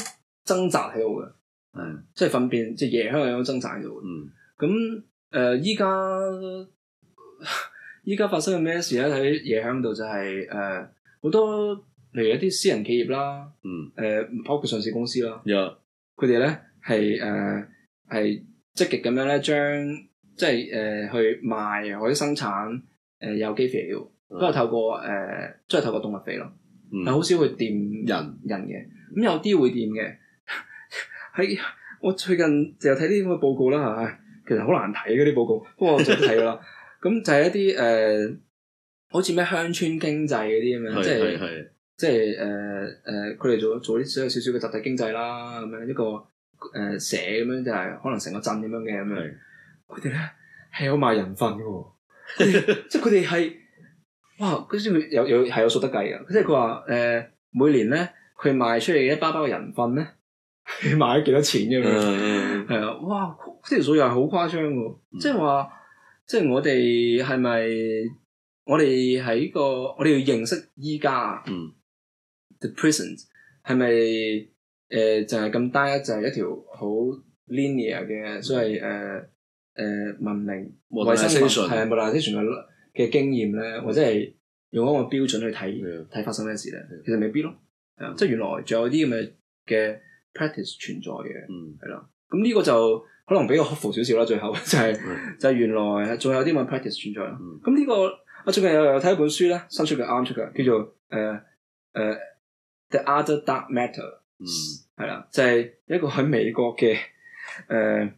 掙扎喺度嘅。即係糞便，即係夜香有生產嘅喎。嗯，咁誒，依家依家發生緊咩事咧？喺夜香度就係、是、誒，好、呃、多例如一啲私人企業啦，嗯、誒、呃、包括上市公司啦，佢哋咧係誒係積極咁樣咧，將、呃、即係誒、呃、去賣或者生產誒有機肥料，都係、嗯、透過誒，都、呃、係、就是、透過動物肥咯，嗯、但係好少去掂人人嘅，咁有啲會掂嘅。喺我最近成日睇啲咁嘅報告啦嚇，其實好難睇嗰啲報告，不過我想睇啦。咁 就係一啲誒、呃，好似咩鄉村經濟嗰啲咁樣 即，即係即係誒誒，佢、呃、哋、呃、做做啲所少少嘅集體經濟啦咁樣，一個誒社咁樣，就、呃、係可能成個鎮咁樣嘅咁樣。佢哋咧係好賣人份嘅喎， 即係佢哋係哇，嗰啲有有係有，有數得計嘅，即係佢話誒每年咧佢賣出嚟一包包嘅人份咧。你買咗幾多錢咁樣？係啊，哇！呢條數又係好誇張噶，即係話，即係我哋係咪？我哋喺個我哋要認識依家，嗯，the present 係咪誒，就係咁單一，就係一條好 linear 嘅所謂誒誒文明、衛生係啊，摩納基船嘅經驗咧，或者係用一個標準去睇睇發生咩事咧，其實未必咯。啊，即係原來仲有啲咁嘅嘅。practice、um、存在嘅，係咯、嗯，咁、這、呢個就可能比較 hopeful 少少啦。最後就係、是、 就係原來仲有啲咁嘅 practice、um、存在咯。咁呢、嗯這個我最近又又睇一本書咧，新出嘅啱出嘅，叫做誒誒、呃啊、The Other Dark Matter，係啦、嗯，就係、是、一個喺美國嘅誒、呃、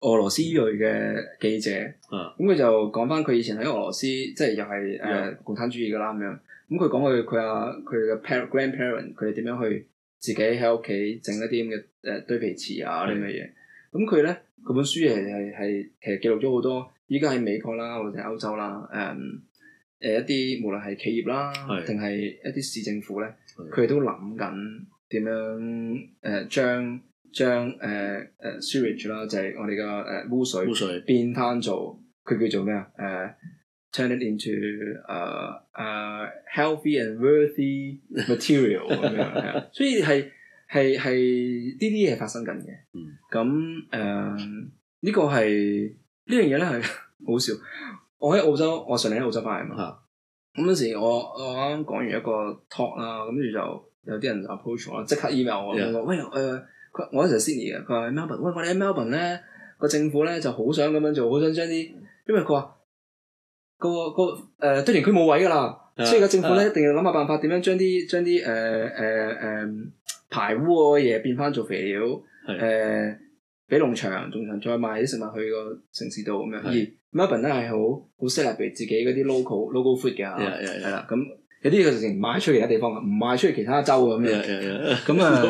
俄羅斯裔嘅記者，咁佢、嗯、就講翻佢以前喺俄羅斯，即係又係誒共產主義噶啦咁樣。咁佢講佢佢啊佢嘅 grandparent 佢哋點樣去？自己喺屋企整一啲咁嘅誒堆皮池啊啲咁嘅嘢，咁佢咧嗰本書係係係其實記錄咗好多，依家喺美國啦或者歐洲啦，誒、嗯、誒、呃、一啲無論係企業啦，定係是的 一啲市政府咧，佢哋是的 都諗緊點樣誒、呃、將將誒誒 sewage 啦，就係、是、我哋嘅誒污水，污水變返做，佢叫做咩啊誒？呃 turn it into 誒、uh, 誒、uh, healthy and worthy material 咁 樣係啊，所以係係係呢啲嘢發生緊嘅。咁誒呢個係呢樣嘢咧係好笑。我喺澳洲，我上年喺澳洲翻嚟啊嘛。咁嗰 時我我啱啱講完一個 talk 啦，咁跟住就有啲人就 approach 我，即刻 email 我，佢話 Yeah.：喂誒、呃，我我喺 Sydney 嘅，佢話 Melbourne，喂我哋喺 Melbourne 咧個政府咧就好想咁樣做，好想將啲，因為佢話，個個誒堆填區冇位噶啦，所以個政府咧一定要諗下辦法，點樣將啲將啲誒誒誒排污個嘢變翻做肥料，誒俾農場，農場再賣啲食物去個城市度咁樣。而 Melbourne 咧係好好適合俾自己嗰啲 local local food 嘅，係啦。咁有啲嘢直情賣出其他地方嘅，唔賣出去其他州咁樣。咁啊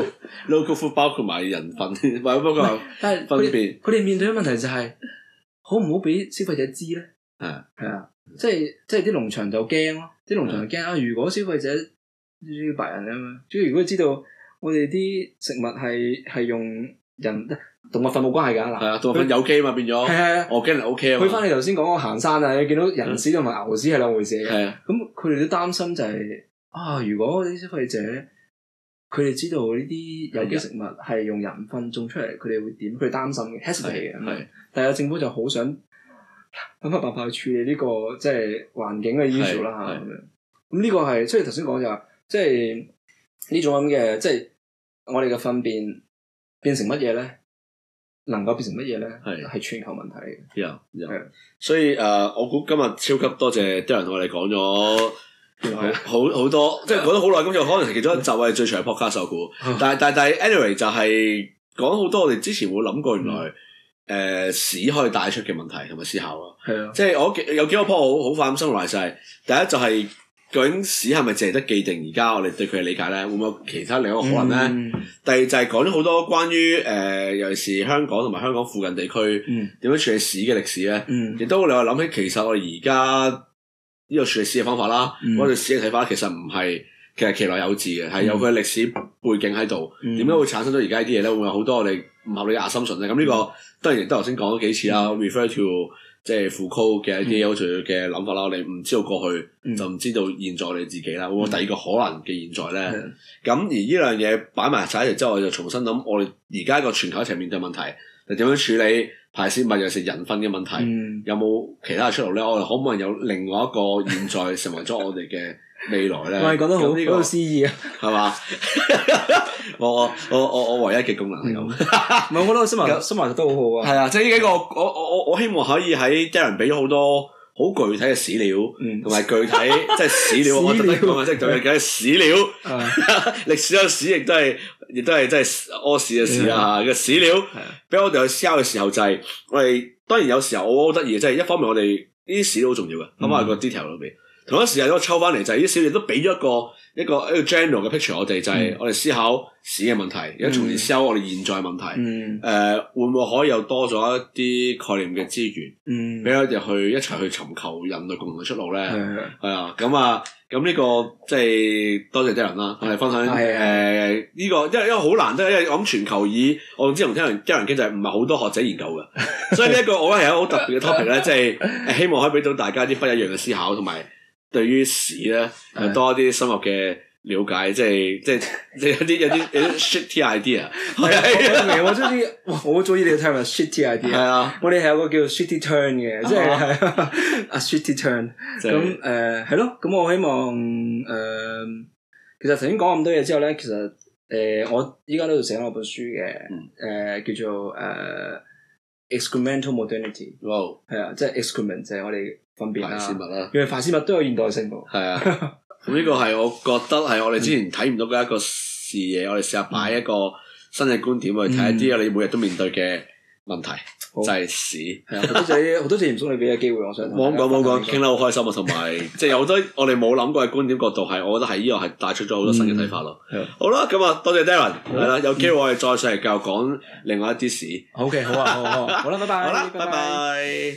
，local food 包括埋人份，但係包括分別。佢哋面對嘅問題就係，可唔好俾消費者知咧？啊，係啊。即係即係啲農場就驚咯，啲農場就驚啊！如果消費者呢啲白人咁樣，如果知道我哋啲食物係係用人動物糞冇關係噶係啊，動物糞有機嘛變咗，係係啊，我驚係有機啊。去翻你頭先講嘅行山啊，你見到人屎同埋牛屎係兩回事嘅，係啊。咁佢哋都擔心就係啊，如果啲消費者佢哋知道呢啲有機食物係用人糞種出嚟，佢哋會點？佢擔心嘅，hesitate 嘅，係。但係政府就好想。諗下辦法去處理呢個即係環境嘅 issue 啦吓咁樣，咁呢個係即係頭先講就話即係呢種咁嘅，即係我哋嘅糞便變成乜嘢咧？能夠變成乜嘢咧？係全球問題嘅。有有，的所以誒，我估今日超級多謝 Daren 同我哋講咗好好多， 即係講咗好耐，咁就可能其中一集係最長嘅 podcast 我估 但係但係但係，anyway 就係講好多我哋之前會諗過，原來。誒、呃，史可以帶出嘅問題同埋思考咯，啊、即係我有幾多鋪好好快咁 s u r s e 第一就係、是、究竟史係咪淨係得既定而家我哋對佢嘅理解咧？會,唔會有其他另一個可能咧？嗯、第二就係講咗好多關於誒、呃，尤其是香港同埋香港附近地區點、嗯、樣處理史嘅歷史咧，亦、嗯、都我哋話諗起，其實我哋而家呢個處理史嘅方法啦，我哋、嗯、史嘅睇法其實唔係。其實其來有自嘅，係有佢嘅歷史背景喺度。點解會產生咗而家啲嘢咧？會，會有好多我哋唔合理嘅 assumptions 咧。咁、嗯、呢、這個當然，亦都頭先講咗幾次啦。Refer to 即係 Foucault 嘅一啲有趣嘅諗法啦。我哋唔知道過去，就唔知道現在我哋自己啦。會第二個可能嘅現在咧，咁、嗯、而呢樣嘢擺埋晒一齊之後，我就重新諗，我哋而家個全球一齊面對問題，係點樣處理排泄物，尤其係人糞嘅問題？有冇其他出路咧？我哋可唔可能有另外一個現在成為咗我哋嘅？未來咧，我係覺得好啲，嗰個詩意啊，係嘛？我我我我我唯一嘅功能係咁。唔係，我覺得新聞新聞都好好啊。係啊，即係呢幾個，我我我我希望可以喺 Daren 俾咗好多好具體嘅史料，同埋具體即係史料。我特登講啊，即係做嘅史料，歷史嘅史亦都係亦都係真係屙屎嘅屎啦吓嘅史料。俾我哋去 sell 嘅時候就係我哋當然有時候我好得意嘅，即係一方面我哋呢啲史料好重要嘅，咁啊個 detail 咯，俾。同一時間都抽翻嚟，就係啲小弟都俾咗一個一個一個 general 嘅 picture 我哋，就係、是、我哋思考市嘅問題，而家從而思考我哋現在問題。誒、嗯呃、會唔會可以又多咗一啲概念嘅資源，俾、嗯、我哋去一齊去尋求人類共同嘅出路咧？係啊對，咁啊、嗯，咁呢、這個即係多謝 Daren 啦，我哋分享係誒呢個，因為難得因為好難，得，係因為講全球以我哋之同聽完 Daren 唔係好多學者研究嘅， 所以呢一個我覺得係好特別嘅 topic 咧，即係希望可以俾到大家啲不一樣嘅思考同埋。對於屎咧，多啲深入嘅了解，的即係即係即係有啲有啲有啲 shitty idea 係啊！我中意我好中意你嘅 term shitty idea 係啊！我哋係有個叫 shitty turn 嘅、就是，即係係啊 shitty turn 咁誒係咯。咁、uh, 我希望誒其實頭先講咁多嘢之後咧，其實誒、呃、我依家都喺度寫我本書嘅誒、呃，叫做誒 excremental modernity 係啊，即係 excrement 就係、是、我哋。分別啦，因為凡事物都有現代性喎。係啊，咁呢個係我覺得係我哋之前睇唔到嘅一個視野，我哋試下擺一個新嘅觀點去睇一啲你每日都面對嘅問題，就係屎。好多謝好多謝鹽叔，你俾嘅機會，我想。冇講冇講，傾得好開心啊，同埋即係有好多我哋冇諗過嘅觀點角度，係我覺得係呢個係帶出咗好多新嘅睇法咯。好啦，咁啊，多謝 Daren 係啦，有機會我哋再上嚟繼續講另外一啲屎。OK，好啊，好啦，拜拜。好啦，拜拜。